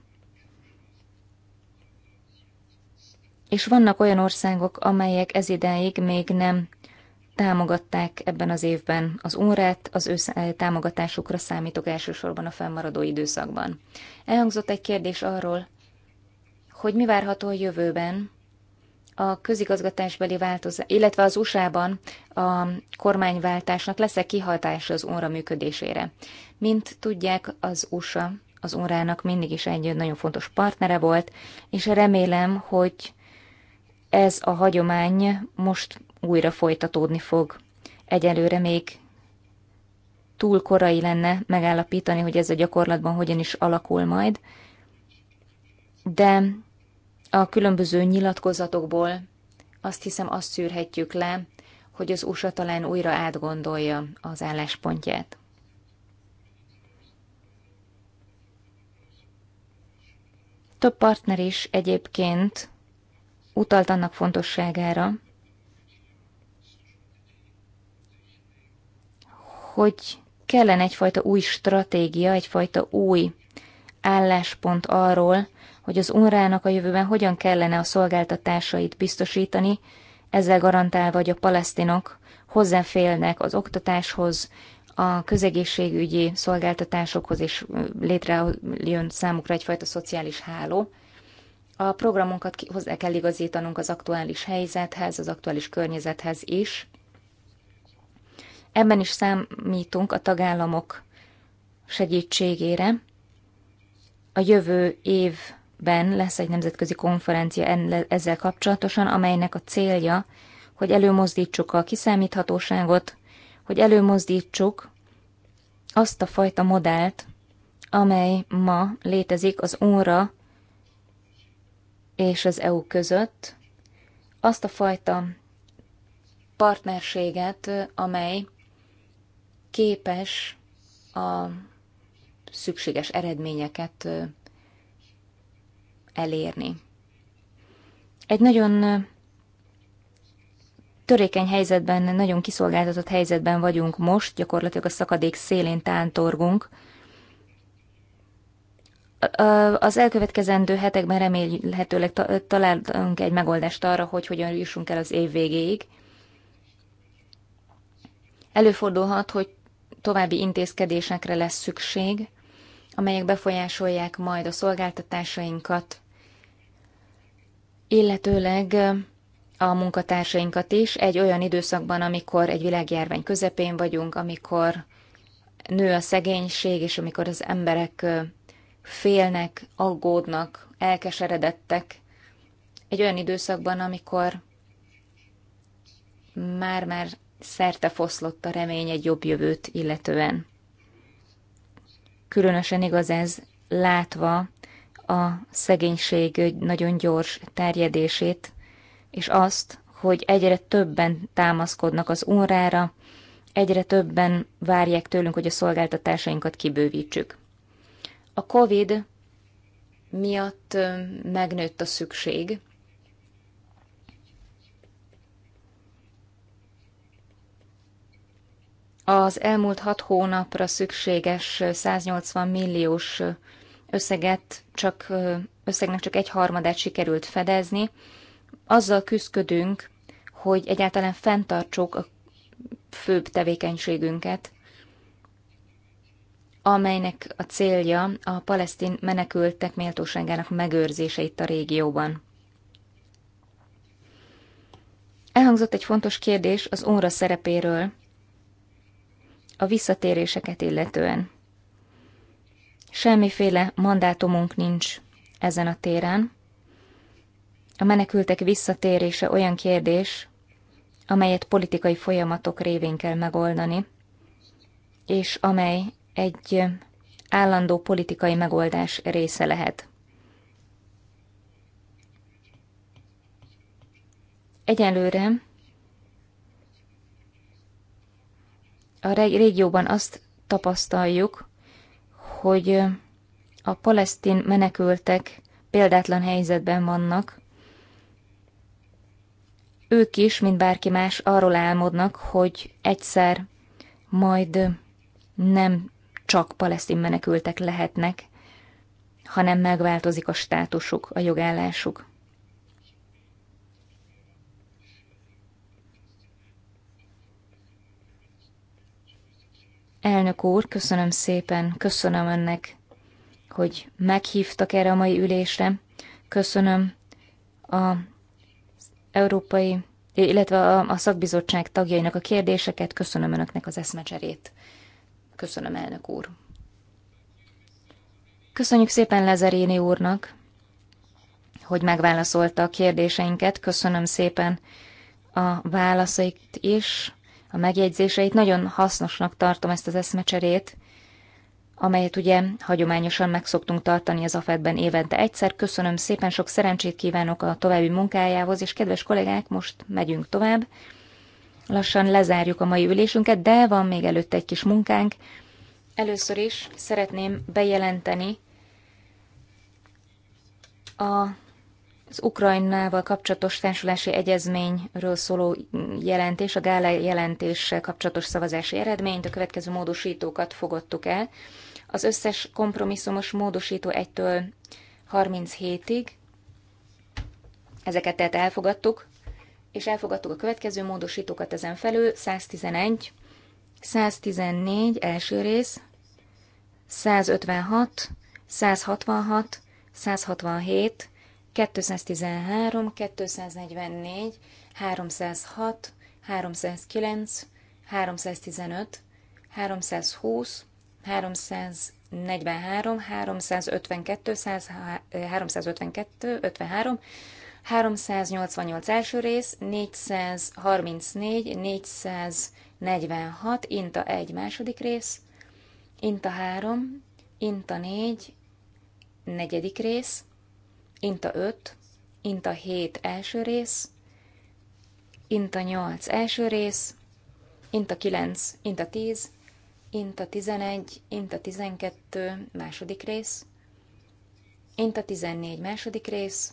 és vannak olyan országok, amelyek ez ideig még nem támogatták ebben az évben az órát, az ő eh, támogatásukra számítok elsősorban a fennmaradó időszakban. Elhangzott egy kérdés arról, hogy mi várható a jövőben, a közigazgatásbeli változás, illetve az USA-ban a kormányváltásnak lesz-e kihatása az óra működésére. Mint tudják, az USA az órának mindig is egy nagyon fontos partnere volt, és remélem, hogy ez a hagyomány most újra folytatódni fog. Egyelőre még túl korai lenne megállapítani, hogy ez a gyakorlatban hogyan is alakul majd, de a különböző nyilatkozatokból azt hiszem azt szűrhetjük le, hogy az USA talán újra átgondolja az álláspontját. Több partner is egyébként utalt annak fontosságára, hogy kellene egyfajta új stratégia, egyfajta új álláspont arról, hogy az unrának a jövőben hogyan kellene a szolgáltatásait biztosítani, ezzel garantálva, hogy a palesztinok hozzáfélnek az oktatáshoz, a közegészségügyi szolgáltatásokhoz, és létrejön számukra egyfajta szociális háló. A programunkat hozzá kell igazítanunk az aktuális helyzethez, az aktuális környezethez is. Ebben is számítunk a tagállamok segítségére. A jövő évben lesz egy nemzetközi konferencia ezzel kapcsolatosan, amelynek a célja, hogy előmozdítsuk a kiszámíthatóságot, hogy előmozdítsuk azt a fajta modellt, amely ma létezik az óra és az EU között azt a fajta partnerséget, amely képes a szükséges eredményeket elérni. Egy nagyon törékeny helyzetben, nagyon kiszolgáltatott helyzetben vagyunk most, gyakorlatilag a szakadék szélén tántorgunk, az elkövetkezendő hetekben remélhetőleg találunk egy megoldást arra, hogy hogyan jussunk el az év végéig. Előfordulhat, hogy további intézkedésekre lesz szükség, amelyek befolyásolják majd a szolgáltatásainkat, illetőleg a munkatársainkat is egy olyan időszakban, amikor egy világjárvány közepén vagyunk, amikor nő a szegénység, és amikor az emberek félnek, aggódnak, elkeseredettek egy olyan időszakban, amikor már-már szerte foszlott a remény egy jobb jövőt illetően. Különösen igaz ez, látva a szegénység nagyon gyors terjedését, és azt, hogy egyre többen támaszkodnak az unrára, egyre többen várják tőlünk, hogy a szolgáltatásainkat kibővítsük. A COVID miatt megnőtt a szükség az elmúlt hat hónapra szükséges 180 milliós összeget csak, összegnek csak egy harmadát sikerült fedezni. Azzal küzdködünk, hogy egyáltalán fenntartsuk a főbb tevékenységünket, amelynek a célja a palesztin menekültek méltóságának megőrzése itt a régióban. Elhangzott egy fontos kérdés az óra szerepéről, a visszatéréseket illetően. Semmiféle mandátumunk nincs ezen a téren. A menekültek visszatérése olyan kérdés, amelyet politikai folyamatok révén kell megoldani, és amely egy állandó politikai megoldás része lehet. Egyelőre a régióban azt tapasztaljuk, hogy a palesztin menekültek példátlan helyzetben vannak. Ők is, mint bárki más, arról álmodnak, hogy egyszer majd nem csak palesztin menekültek lehetnek, hanem megváltozik a státusuk, a jogállásuk. Elnök úr, köszönöm szépen, köszönöm önnek, hogy meghívtak erre a mai ülésre. Köszönöm a európai, illetve a, szakbizottság tagjainak a kérdéseket, köszönöm önöknek az eszmecserét. Köszönöm, elnök úr. Köszönjük szépen Lezeréni úrnak, hogy megválaszolta a kérdéseinket. Köszönöm szépen a válaszait is, a megjegyzéseit. Nagyon hasznosnak tartom ezt az eszmecserét, amelyet ugye hagyományosan megszoktunk tartani az AFED-ben évente egyszer. Köszönöm szépen, sok szerencsét kívánok a további munkájához, és kedves kollégák, most megyünk tovább lassan lezárjuk a mai ülésünket, de van még előtte egy kis munkánk. Először is szeretném bejelenteni a, az Ukrajnával kapcsolatos társulási egyezményről szóló jelentés, a Gála jelentéssel kapcsolatos szavazási eredményt, a következő módosítókat fogadtuk el. Az összes kompromisszumos módosító 1-től 37-ig, ezeket tehát elfogadtuk, és elfogadtuk a következő módosítókat ezen felül, 111, 114 első rész, 156, 166, 167, 213, 244, 306, 309, 315, 320, 343, 352, 100, 352, 53, 388 első rész, 434, 446, Inta 1 második rész, Inta 3, Inta 4, negyedik rész, Inta 5, Inta 7 első rész, Inta 8 első rész, Inta 9, Inta 10, Inta 11, Inta 12 második rész, Inta 14 második rész,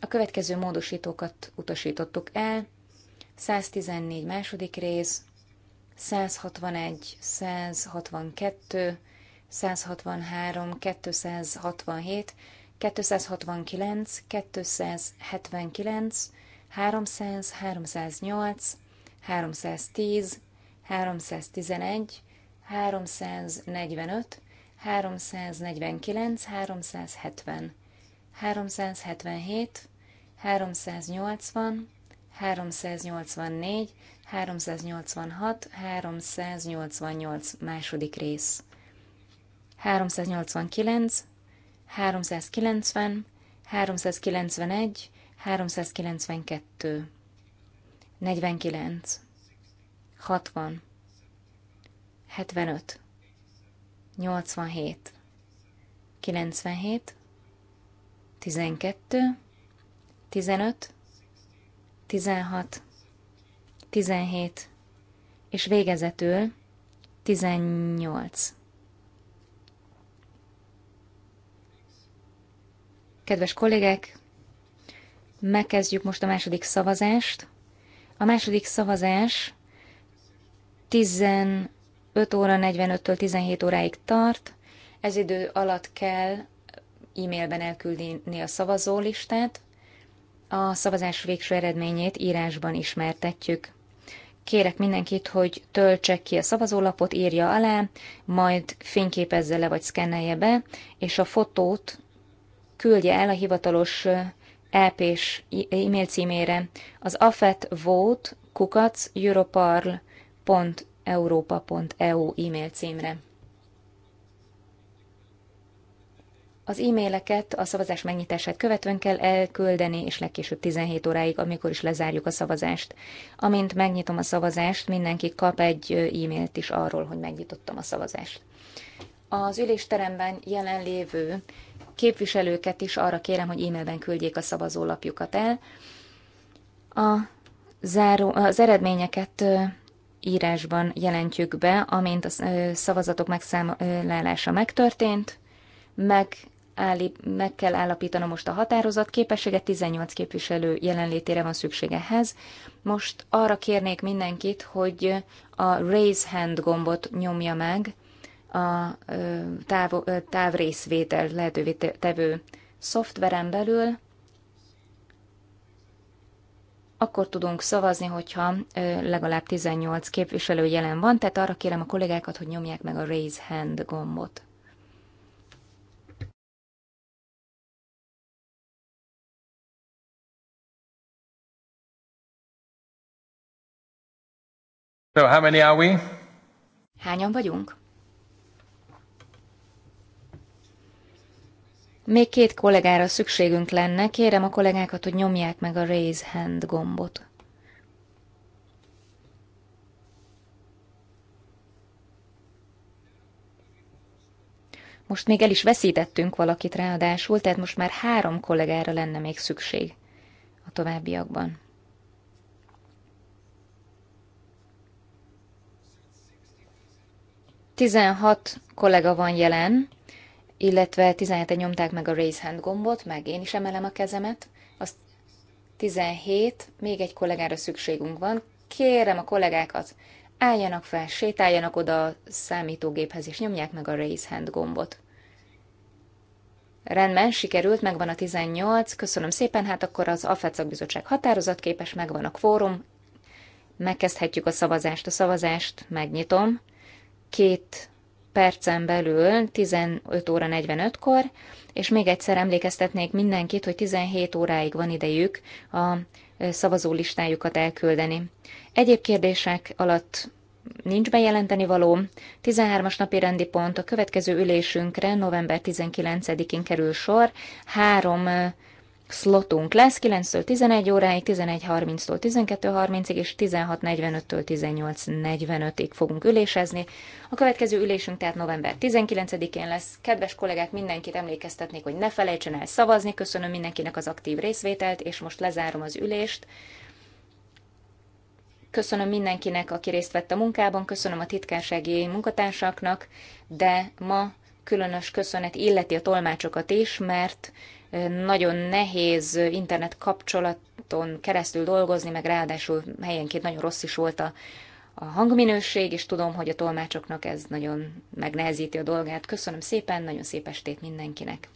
A következő módosítókat utasítottuk el. 114 második rész, 161, 162, 163, 267, 269, 279, 300, 308, 310, 311, 345, 349, 370. 377, 380, 384, 386, 388 második rész. 389, 390, 391, 392, 49, 60, 75, 87, 97, 12, 15, 16, 17, és végezetül 18. Kedves kollégek, megkezdjük most a második szavazást. A második szavazás 15 óra 45-től 17 óráig tart. Ez idő alatt kell e-mailben elküldeni a szavazólistát, a szavazás végső eredményét írásban ismertetjük. Kérek mindenkit, hogy töltse ki a szavazólapot, írja alá, majd fényképezze le vagy szkennelje be, és a fotót küldje el a hivatalos eh, EP-s e-mail címére az afetvote.europarl.europa.eu e-mail címre. Az e-maileket a szavazás megnyitását követően kell elküldeni, és legkésőbb 17 óráig, amikor is lezárjuk a szavazást. Amint megnyitom a szavazást, mindenki kap egy e-mailt is arról, hogy megnyitottam a szavazást. Az ülésteremben jelenlévő képviselőket is arra kérem, hogy e-mailben küldjék a szavazólapjukat el. A záró, az eredményeket írásban jelentjük be, amint a szavazatok megszámlálása megtörtént, meg állí, meg kell állapítanom most a határozat, képessége 18 képviselő jelenlétére van szükség ehhez. Most arra kérnék mindenkit, hogy a raise hand gombot nyomja meg a táv, távrészvétel lehetővé tevő szoftveren belül, akkor tudunk szavazni, hogyha legalább 18 képviselő jelen van, tehát arra kérem a kollégákat, hogy nyomják meg a raise hand gombot. So, how many are we? Hányan vagyunk? Még két kollégára szükségünk lenne. Kérem a kollégákat, hogy nyomják meg a Raise Hand gombot. Most még el is veszítettünk valakit ráadásul, tehát most már három kollégára lenne még szükség a továbbiakban. 16 kollega van jelen, illetve 17-en nyomták meg a raise hand gombot, meg én is emelem a kezemet. Az 17, még egy kollégára szükségünk van. Kérem a kollégákat, álljanak fel, sétáljanak oda a számítógéphez, és nyomják meg a raise hand gombot. Rendben, sikerült, megvan a 18, köszönöm szépen, hát akkor az AFECAK bizottság határozatképes, megvan a kvórum, megkezdhetjük a szavazást. A szavazást megnyitom két percen belül, 15 óra 45-kor, és még egyszer emlékeztetnék mindenkit, hogy 17 óráig van idejük a szavazólistájukat elküldeni. Egyéb kérdések alatt nincs bejelenteni való. 13-as napi rendi pont a következő ülésünkre november 19-én kerül sor. Három Slotunk lesz 9-től 11 óráig, 11.30-tól 12.30-ig és 16.45-től 18.45-ig fogunk ülésezni. A következő ülésünk tehát november 19-én lesz. Kedves kollégák, mindenkit emlékeztetnék, hogy ne felejtsen el szavazni. Köszönöm mindenkinek az aktív részvételt, és most lezárom az ülést. Köszönöm mindenkinek, aki részt vett a munkában, köszönöm a titkársági munkatársaknak, de ma különös köszönet illeti a tolmácsokat is, mert nagyon nehéz internet kapcsolaton keresztül dolgozni, meg ráadásul helyenként nagyon rossz is volt a, a hangminőség, és tudom, hogy a tolmácsoknak ez nagyon megnehezíti a dolgát. Köszönöm szépen, nagyon szép estét mindenkinek!